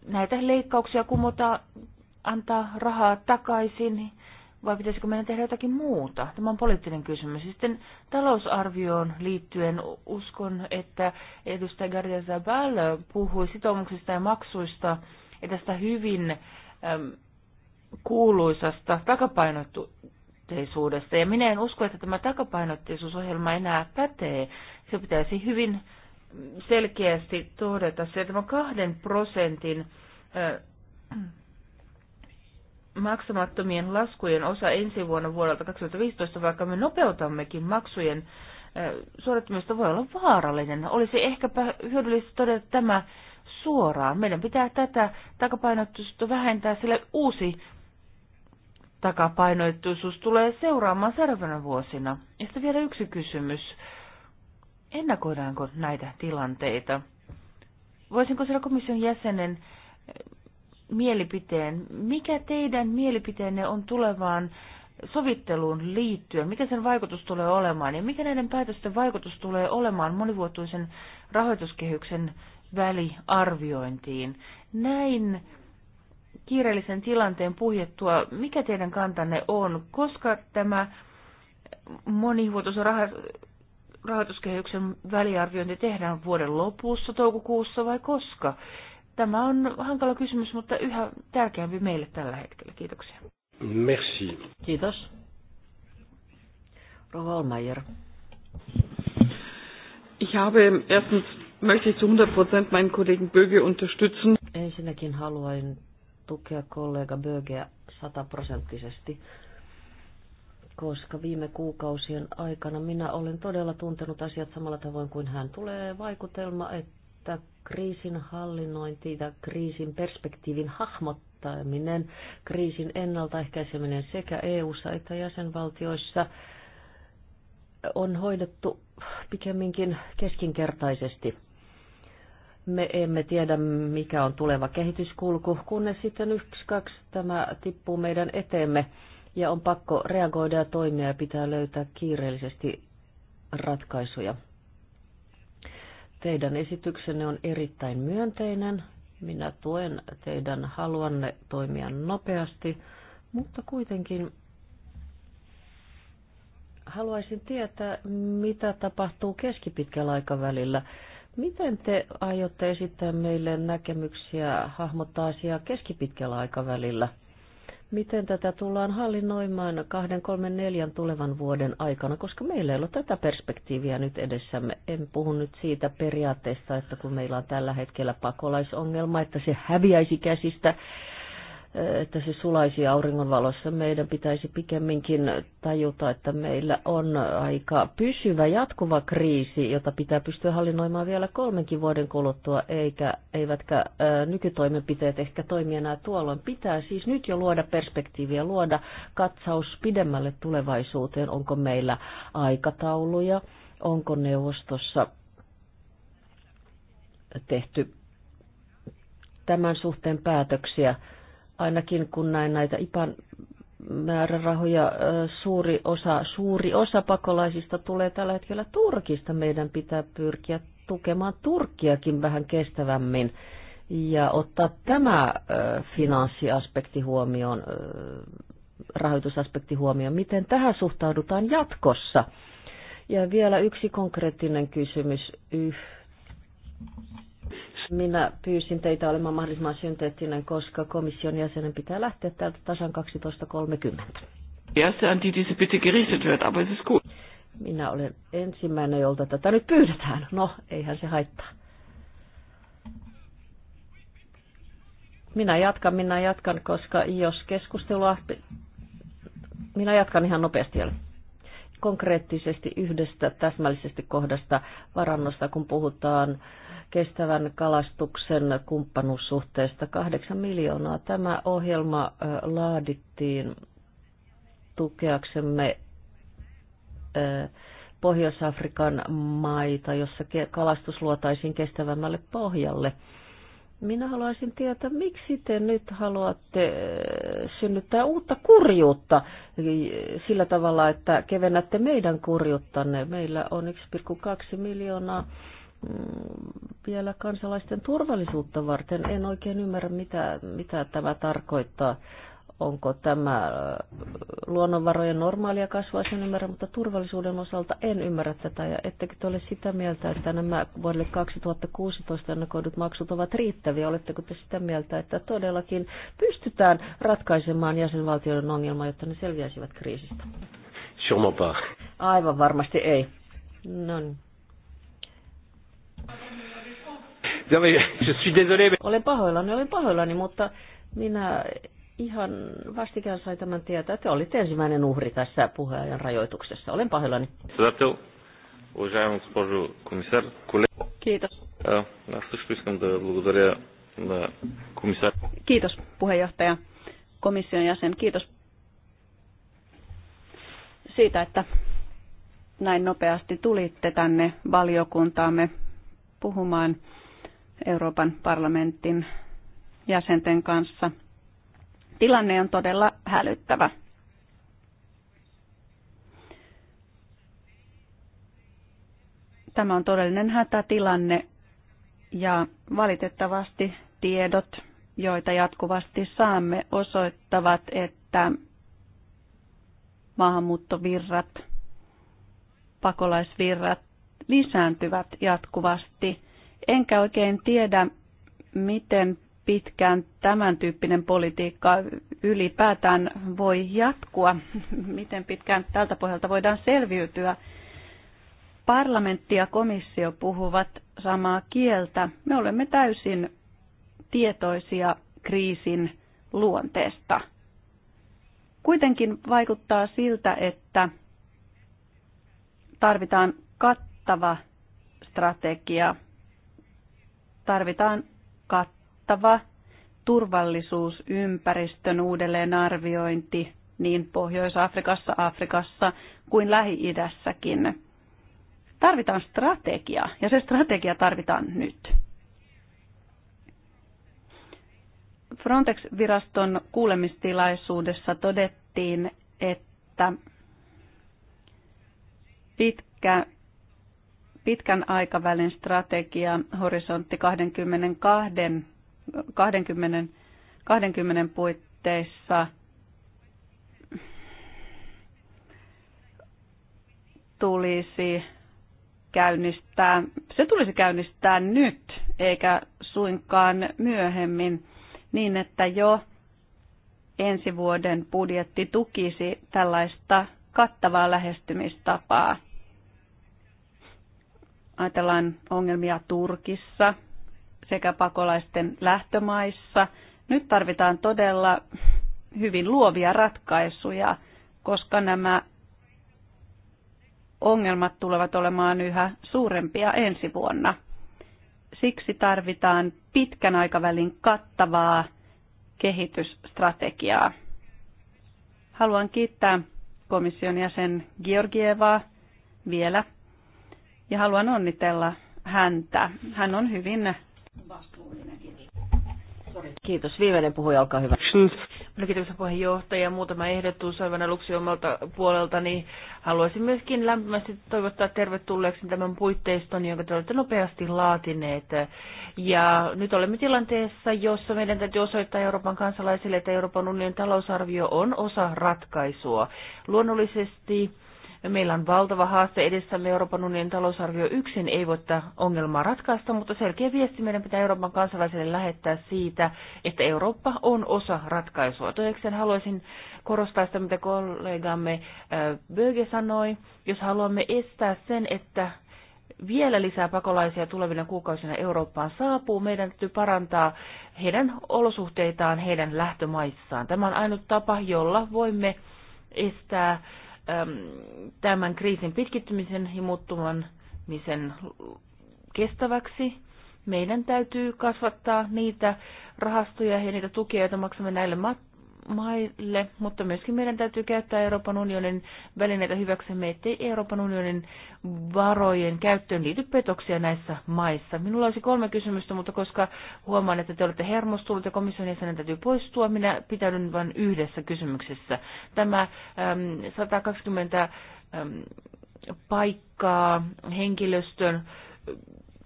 näitä leikkauksia kumota, antaa rahaa takaisin vai pitäisikö meidän tehdä jotakin muuta? Tämä on poliittinen kysymys. Sitten talousarvioon liittyen uskon, että edustaja Garcia Zabal puhui sitoumuksista ja maksuista ja tästä hyvin äm, kuuluisasta takapainotteisuudesta. Ja minä en usko, että tämä takapainotteisuusohjelma enää pätee. Se pitäisi hyvin mm, selkeästi todeta se, että tämä kahden prosentin äh, maksamattomien laskujen osa ensi vuonna vuodelta 2015, vaikka me nopeutammekin maksujen eh, suorittamista voi olla vaarallinen. Olisi ehkäpä hyödyllistä todeta tämä suoraan. Meidän pitää tätä takapainottusta vähentää, sillä uusi takapainoittuisuus tulee seuraamaan seuraavana vuosina. Ja sitten vielä yksi kysymys. Ennakoidaanko näitä tilanteita? Voisinko siellä komission jäsenen eh, mielipiteen. Mikä teidän mielipiteenne on tulevaan sovitteluun liittyen? Mikä sen vaikutus tulee olemaan ja mikä näiden päätösten vaikutus tulee olemaan monivuotuisen rahoituskehyksen väliarviointiin? Näin kiireellisen tilanteen puhjettua, mikä teidän kantanne on, koska tämä monivuotoisen rahoituskehyksen väliarviointi tehdään vuoden lopussa, toukokuussa vai koska? Tämä on hankala kysymys, mutta yhä tärkeämpi meille tällä hetkellä. Kiitoksia. Merci. Kiitos. Rova Olmeier. Ich habe erstens möchte ich zu 100% meinen Kollegen Böge unterstützen. Ensinnäkin haluan tukea kollega Böge sataprosenttisesti, koska viime kuukausien aikana minä olen todella tuntenut asiat samalla tavoin kuin hän. Tulee vaikutelma, että että kriisin hallinnointi ja kriisin perspektiivin hahmottaminen, kriisin ennaltaehkäiseminen sekä EU:ssa että jäsenvaltioissa on hoidettu pikemminkin keskinkertaisesti me emme tiedä, mikä on tuleva kehityskulku, kunnes sitten yksi, kaksi tämä tippuu meidän eteemme ja on pakko reagoida ja toimia ja pitää löytää kiireellisesti ratkaisuja. Teidän esityksenne on erittäin myönteinen. Minä tuen teidän haluanne toimia nopeasti, mutta kuitenkin haluaisin tietää, mitä tapahtuu keskipitkällä aikavälillä. Miten te aiotte esittää meille näkemyksiä hahmottaa asiaa keskipitkällä aikavälillä? miten tätä tullaan hallinnoimaan kahden, kolmen, neljän tulevan vuoden aikana, koska meillä ei ole tätä perspektiiviä nyt edessämme. En puhu nyt siitä periaatteesta, että kun meillä on tällä hetkellä pakolaisongelma, että se häviäisi käsistä että se sulaisi auringonvalossa. Meidän pitäisi pikemminkin tajuta, että meillä on aika pysyvä jatkuva kriisi, jota pitää pystyä hallinnoimaan vielä kolmenkin vuoden kuluttua, eikä, eivätkä ää, nykytoimenpiteet ehkä toimi enää tuolloin. Pitää siis nyt jo luoda perspektiiviä, luoda katsaus pidemmälle tulevaisuuteen, onko meillä aikatauluja, onko neuvostossa tehty tämän suhteen päätöksiä ainakin kun näin näitä IPAN määrärahoja. Suuri osa, suuri osa pakolaisista tulee tällä hetkellä Turkista. Meidän pitää pyrkiä tukemaan Turkkiakin vähän kestävämmin ja ottaa tämä finanssiaspekti huomioon, rahoitusaspekti huomioon. Miten tähän suhtaudutaan jatkossa? Ja vielä yksi konkreettinen kysymys. Yh- minä pyysin teitä olemaan mahdollisimman synteettinen, koska komission jäsenen pitää lähteä täältä tasan 12.30. Erste, an die diese bitte gerichtet Minä olen ensimmäinen, jolta tätä nyt pyydetään. No, eihän se haittaa. Minä jatkan, minä jatkan, koska jos keskustelua... Minä jatkan ihan nopeasti vielä konkreettisesti yhdestä täsmällisesti kohdasta varannosta, kun puhutaan kestävän kalastuksen kumppanuussuhteesta 8 miljoonaa. Tämä ohjelma laadittiin tukeaksemme Pohjois-Afrikan maita, jossa kalastus luotaisiin kestävämmälle pohjalle. Minä haluaisin tietää, miksi te nyt haluatte synnyttää uutta kurjuutta sillä tavalla, että kevennätte meidän kurjuttanne. Meillä on 1,2 miljoonaa vielä kansalaisten turvallisuutta varten. En oikein ymmärrä, mitä, mitä tämä tarkoittaa. Onko tämä luonnonvarojen normaalia kasvua, sen ymmärrän, mutta turvallisuuden osalta en ymmärrä tätä. Ja ettekö te ole sitä mieltä, että nämä vuodelle 2016 ennakoidut maksut ovat riittäviä? Oletteko te sitä mieltä, että todellakin pystytään ratkaisemaan jäsenvaltioiden ongelma, jotta ne selviäisivät kriisistä? Aivan varmasti ei. No niin. No, olen pahoillani, olen pahoillani, mutta minä ihan vastikään sai tämän tietää, että olitte ensimmäinen uhri tässä puheajan rajoituksessa. Olen pahoillani. Kiitos. Kiitos puheenjohtaja, komission jäsen. Kiitos siitä, että näin nopeasti tulitte tänne valiokuntaamme puhumaan Euroopan parlamentin jäsenten kanssa. Tilanne on todella hälyttävä. Tämä on todellinen hätätilanne ja valitettavasti tiedot, joita jatkuvasti saamme, osoittavat, että maahanmuuttovirrat, pakolaisvirrat lisääntyvät jatkuvasti. Enkä oikein tiedä, miten pitkään tämän tyyppinen politiikka ylipäätään voi jatkua, miten pitkään tältä pohjalta voidaan selviytyä. Parlamentti ja komissio puhuvat samaa kieltä. Me olemme täysin tietoisia kriisin luonteesta. Kuitenkin vaikuttaa siltä, että tarvitaan kat- kattava strategia. Tarvitaan kattava turvallisuusympäristön uudelleenarviointi niin Pohjois-Afrikassa, Afrikassa kuin Lähi-idässäkin. Tarvitaan strategia ja se strategia tarvitaan nyt. Frontex-viraston kuulemistilaisuudessa todettiin, että pitkä pitkän aikavälin strategia horisontti 22, 20, 20 puitteissa tulisi käynnistää, se tulisi käynnistää nyt eikä suinkaan myöhemmin niin, että jo ensi vuoden budjetti tukisi tällaista kattavaa lähestymistapaa ajatellaan ongelmia Turkissa sekä pakolaisten lähtömaissa. Nyt tarvitaan todella hyvin luovia ratkaisuja, koska nämä ongelmat tulevat olemaan yhä suurempia ensi vuonna. Siksi tarvitaan pitkän aikavälin kattavaa kehitysstrategiaa. Haluan kiittää komission jäsen Georgievaa vielä ja haluan onnitella häntä. Hän on hyvin vastuullinen. Kiitos. Viimeinen puhuja, olkaa hyvä. No, puheenjohtaja. Muutama ehdotus aivan aluksi omalta puoleltani. Haluaisin myöskin lämpimästi toivottaa tervetulleeksi tämän puitteiston, jonka te olette nopeasti laatineet. Ja nyt olemme tilanteessa, jossa meidän täytyy osoittaa Euroopan kansalaisille, että Euroopan unionin talousarvio on osa ratkaisua. Luonnollisesti Meillä on valtava haaste edessämme. Euroopan unionin talousarvio yksin ei voi tätä ongelmaa ratkaista, mutta selkeä viesti meidän pitää Euroopan kansalaisille lähettää siitä, että Eurooppa on osa ratkaisua. Toiseksi haluaisin korostaa sitä, mitä kollegamme Böge sanoi. Jos haluamme estää sen, että vielä lisää pakolaisia tulevina kuukausina Eurooppaan saapuu, meidän täytyy parantaa heidän olosuhteitaan heidän lähtömaissaan. Tämä on ainut tapa, jolla voimme estää Ähm, tämän kriisin pitkittymisen ja muuttumisen kestäväksi. Meidän täytyy kasvattaa niitä rahastoja ja niitä tukia, joita maksamme näille maille, mutta myöskin meidän täytyy käyttää Euroopan unionin välineitä hyväksemme, ettei Euroopan unionin varojen käyttöön liity petoksia näissä maissa. Minulla olisi kolme kysymystä, mutta koska huomaan, että te olette hermostunut ja komission jäsenen täytyy poistua, minä pitäydyn vain yhdessä kysymyksessä. Tämä äm, 120 äm, paikkaa henkilöstön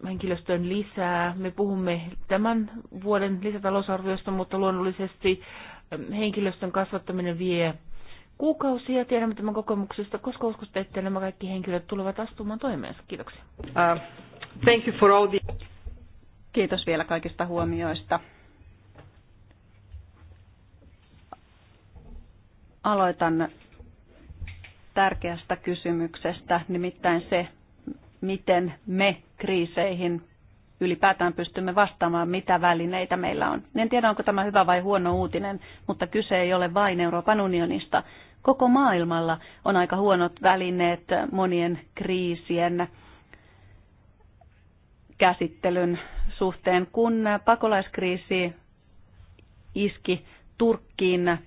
henkilöstön lisää. Me puhumme tämän vuoden lisätalousarviosta, mutta luonnollisesti henkilöstön kasvattaminen vie kuukausia. Tiedämme tämän kokemuksesta, koska uskotte, että nämä kaikki henkilöt tulevat astumaan toimeensa. Kiitoksia. Uh, thank you for all the... Kiitos vielä kaikista huomioista. Aloitan tärkeästä kysymyksestä, nimittäin se, miten me kriiseihin ylipäätään pystymme vastaamaan, mitä välineitä meillä on. En tiedä, onko tämä hyvä vai huono uutinen, mutta kyse ei ole vain Euroopan unionista. Koko maailmalla on aika huonot välineet monien kriisien käsittelyn suhteen. Kun pakolaiskriisi iski Turkkiin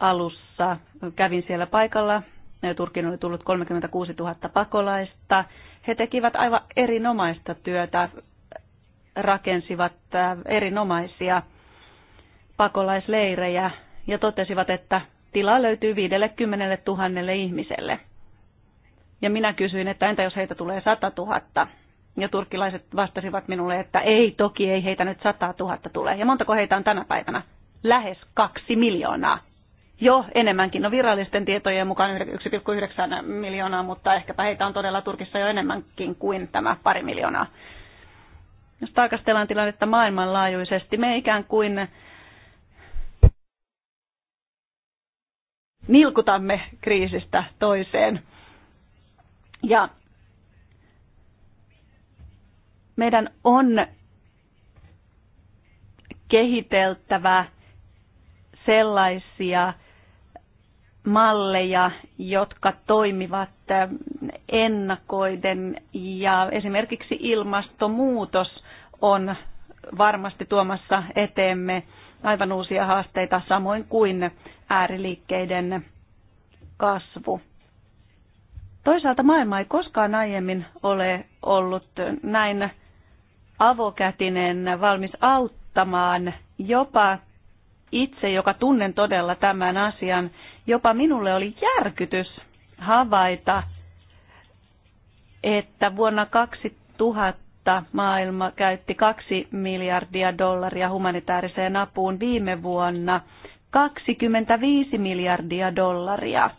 alussa, kävin siellä paikalla Turkin oli tullut 36 000 pakolaista. He tekivät aivan erinomaista työtä, rakensivat äh, erinomaisia pakolaisleirejä ja totesivat, että tilaa löytyy 50 000 ihmiselle. Ja minä kysyin, että entä jos heitä tulee 100 000? Ja turkkilaiset vastasivat minulle, että ei, toki ei heitä nyt 100 000 tule. Ja montako heitä on tänä päivänä? Lähes kaksi miljoonaa jo enemmänkin, no virallisten tietojen mukaan 1,9 miljoonaa, mutta ehkäpä heitä on todella Turkissa jo enemmänkin kuin tämä pari miljoonaa. Jos tarkastellaan tilannetta maailmanlaajuisesti, me ikään kuin nilkutamme kriisistä toiseen. Ja meidän on kehiteltävä sellaisia malleja, jotka toimivat ähm, ennakoiden ja esimerkiksi ilmastonmuutos on varmasti tuomassa eteemme aivan uusia haasteita, samoin kuin ääriliikkeiden kasvu. Toisaalta maailma ei koskaan aiemmin ole ollut näin avokätinen, valmis auttamaan jopa itse, joka tunnen todella tämän asian, Jopa minulle oli järkytys havaita, että vuonna 2000 maailma käytti 2 miljardia dollaria humanitaariseen apuun viime vuonna 25 miljardia dollaria.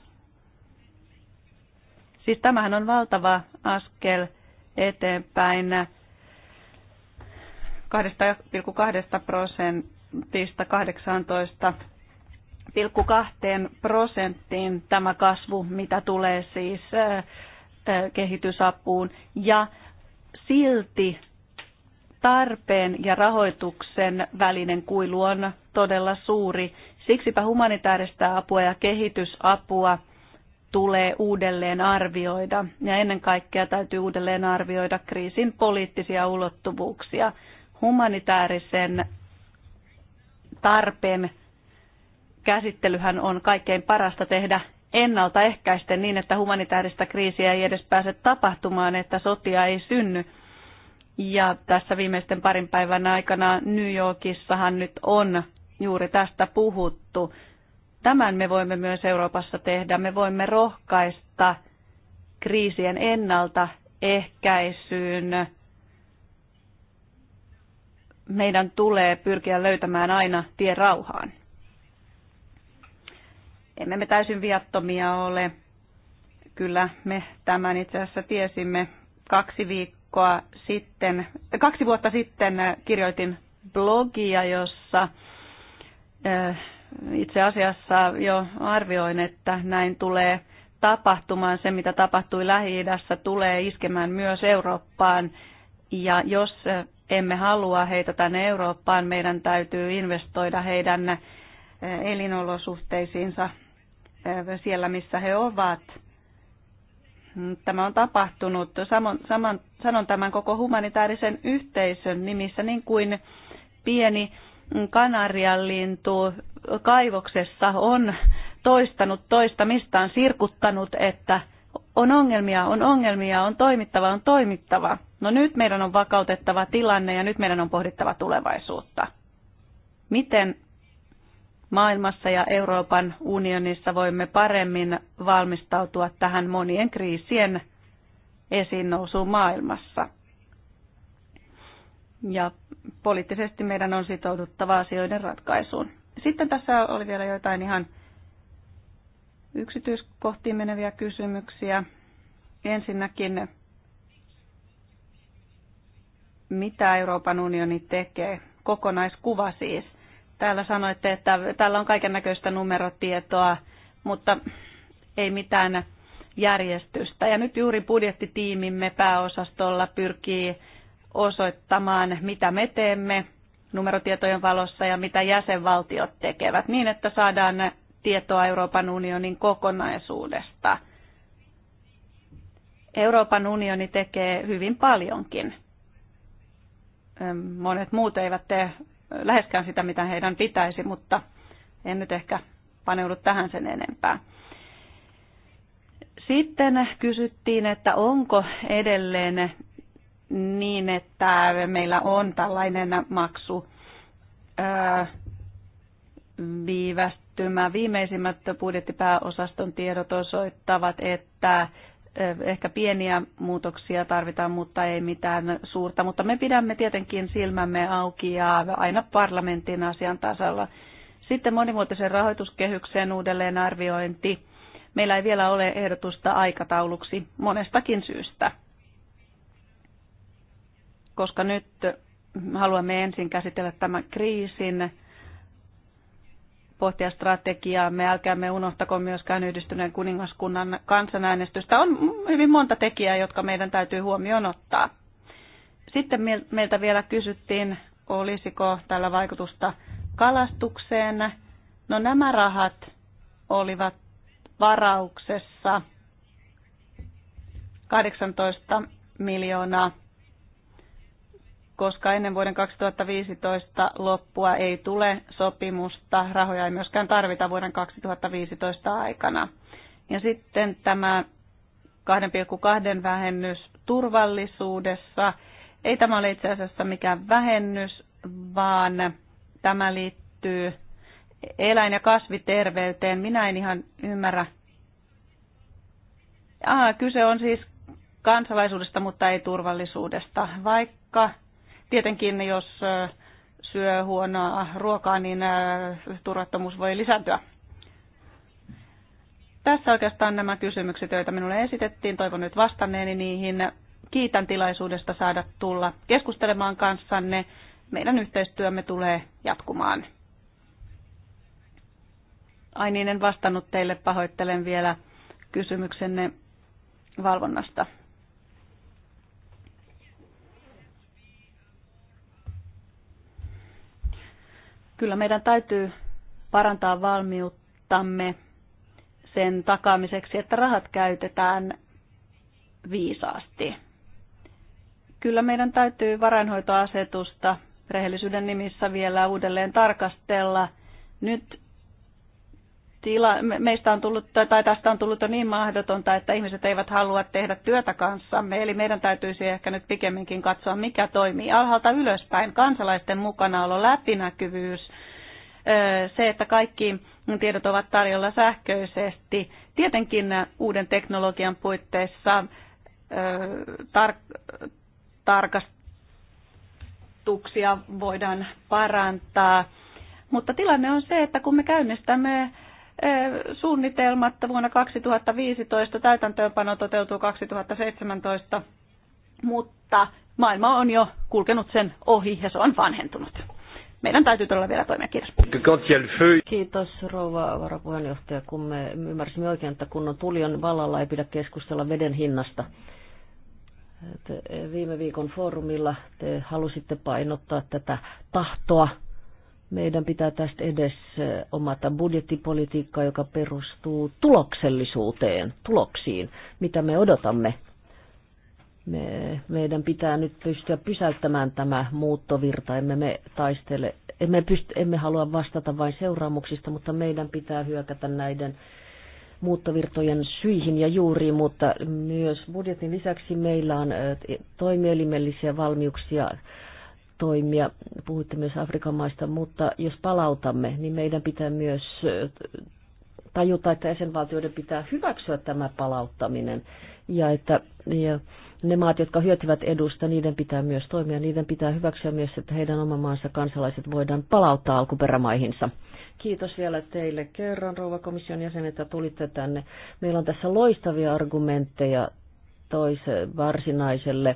Siis tämähän on valtava askel eteenpäin 2,2 prosentista 18 1,2 prosenttiin tämä kasvu, mitä tulee siis kehitysapuun. Ja silti tarpeen ja rahoituksen välinen kuilu on todella suuri. Siksipä humanitaarista apua ja kehitysapua tulee uudelleen arvioida ja ennen kaikkea täytyy uudelleen arvioida kriisin poliittisia ulottuvuuksia. Humanitaarisen tarpeen käsittelyhän on kaikkein parasta tehdä ennaltaehkäisten niin, että humanitaarista kriisiä ei edes pääse tapahtumaan, että sotia ei synny. Ja tässä viimeisten parin päivän aikana New Yorkissahan nyt on juuri tästä puhuttu. Tämän me voimme myös Euroopassa tehdä. Me voimme rohkaista kriisien ennaltaehkäisyyn. Meidän tulee pyrkiä löytämään aina tie rauhaan. Emme me täysin viattomia ole. Kyllä me tämän itse asiassa tiesimme kaksi viikkoa sitten, kaksi vuotta sitten äh, kirjoitin blogia, jossa äh, itse asiassa jo arvioin, että näin tulee tapahtumaan. Se, mitä tapahtui Lähi-idässä, tulee iskemään myös Eurooppaan. Ja jos äh, emme halua heitä tänne Eurooppaan, meidän täytyy investoida heidän elinolosuhteisiinsa siellä, missä he ovat. Tämä on tapahtunut. Saman, saman, sanon tämän koko humanitaarisen yhteisön nimissä, niin kuin pieni kanarialintu kaivoksessa on toistanut toistamistaan, sirkuttanut, että on ongelmia, on ongelmia, on toimittava, on toimittava. No nyt meidän on vakautettava tilanne ja nyt meidän on pohdittava tulevaisuutta. Miten maailmassa ja Euroopan unionissa voimme paremmin valmistautua tähän monien kriisien esiin nousuun maailmassa. Ja poliittisesti meidän on sitouduttava asioiden ratkaisuun. Sitten tässä oli vielä joitain ihan yksityiskohtiin meneviä kysymyksiä. Ensinnäkin, mitä Euroopan unioni tekee? Kokonaiskuva siis. Täällä sanoitte, että täällä on kaiken näköistä numerotietoa, mutta ei mitään järjestystä. Ja nyt juuri budjettitiimimme pääosastolla pyrkii osoittamaan, mitä me teemme numerotietojen valossa ja mitä jäsenvaltiot tekevät, niin että saadaan tietoa Euroopan unionin kokonaisuudesta. Euroopan unioni tekee hyvin paljonkin. Monet muut eivät tee läheskään sitä, mitä heidän pitäisi, mutta en nyt ehkä paneudu tähän sen enempää. Sitten kysyttiin, että onko edelleen niin, että meillä on tällainen maksu viivästymä. Viimeisimmät budjettipääosaston tiedot osoittavat, että Eh, ehkä pieniä muutoksia tarvitaan, mutta ei mitään suurta. Mutta me pidämme tietenkin silmämme auki ja aina parlamentin asian tasalla. Sitten monimuotoisen rahoituskehyksen uudelleenarviointi. Meillä ei vielä ole ehdotusta aikatauluksi monestakin syystä, koska nyt haluamme ensin käsitellä tämän kriisin pohtia strategiaa, me Älkäämme unohtako myöskään yhdistyneen kuningaskunnan kansanäänestystä. On hyvin monta tekijää, jotka meidän täytyy huomioon ottaa. Sitten meiltä vielä kysyttiin, olisiko tällä vaikutusta kalastukseen. No nämä rahat olivat varauksessa 18 miljoonaa koska ennen vuoden 2015 loppua ei tule sopimusta, rahoja ei myöskään tarvita vuoden 2015 aikana. Ja sitten tämä 2,2 vähennys turvallisuudessa. Ei tämä ole itse asiassa mikään vähennys, vaan tämä liittyy eläin- ja kasviterveyteen. Minä en ihan ymmärrä. Aa, kyse on siis kansalaisuudesta, mutta ei turvallisuudesta. Vaikka tietenkin jos syö huonoa ruokaa, niin turvattomuus voi lisääntyä. Tässä oikeastaan nämä kysymykset, joita minulle esitettiin. Toivon nyt vastanneeni niihin. Kiitän tilaisuudesta saada tulla keskustelemaan kanssanne. Meidän yhteistyömme tulee jatkumaan. Ai niin, en vastannut teille, pahoittelen vielä kysymyksenne valvonnasta. Kyllä meidän täytyy parantaa valmiuttamme sen takaamiseksi, että rahat käytetään viisaasti. Kyllä meidän täytyy varainhoitoasetusta rehellisyyden nimissä vielä uudelleen tarkastella. Nyt tila, meistä on tullut, tai tästä on tullut niin mahdotonta, että ihmiset eivät halua tehdä työtä kanssamme. Eli meidän täytyisi ehkä nyt pikemminkin katsoa, mikä toimii alhaalta ylöspäin. Kansalaisten mukanaolo, läpinäkyvyys, se, että kaikki tiedot ovat tarjolla sähköisesti. Tietenkin uuden teknologian puitteissa tar- tarkastuksia voidaan parantaa. Mutta tilanne on se, että kun me käynnistämme suunnitelmat vuonna 2015, täytäntöönpano toteutuu 2017, mutta maailma on jo kulkenut sen ohi ja se on vanhentunut. Meidän täytyy tulla vielä toimia. Kiitos. Kiitos rouva varapuheenjohtaja. Kun me ymmärsimme oikein, että kun on tulion vallalla, ei pidä keskustella veden hinnasta. viime viikon foorumilla te halusitte painottaa tätä tahtoa meidän pitää tästä edes omata budjettipolitiikkaa, joka perustuu tuloksellisuuteen, tuloksiin, mitä me odotamme. Me, meidän pitää nyt pystyä pysäyttämään tämä muuttovirta. Emme me taistele, emme, pysty, emme halua vastata vain seuraamuksista, mutta meidän pitää hyökätä näiden muuttovirtojen syihin ja juuriin, mutta myös budjetin lisäksi meillä on toimielimellisiä valmiuksia toimia. Puhuitte myös Afrikan maista, mutta jos palautamme, niin meidän pitää myös tajuta, että jäsenvaltioiden pitää hyväksyä tämä palauttaminen ja että ja ne maat, jotka hyötyvät edusta, niiden pitää myös toimia. Niiden pitää hyväksyä myös, että heidän oman maansa kansalaiset voidaan palauttaa alkuperämaihinsa. Kiitos vielä teille kerran, rouva komission jäsen, että tulitte tänne. Meillä on tässä loistavia argumentteja toise varsinaiselle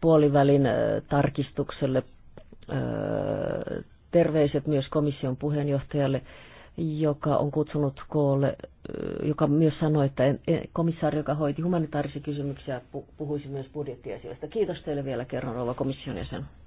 puolivälin tarkistukselle terveiset myös komission puheenjohtajalle, joka on kutsunut koolle, joka myös sanoi, että komissaari, joka hoiti humanitaarisia kysymyksiä, puhuisi myös budjettiasioista. Kiitos teille vielä kerran, rouva komission jäsen.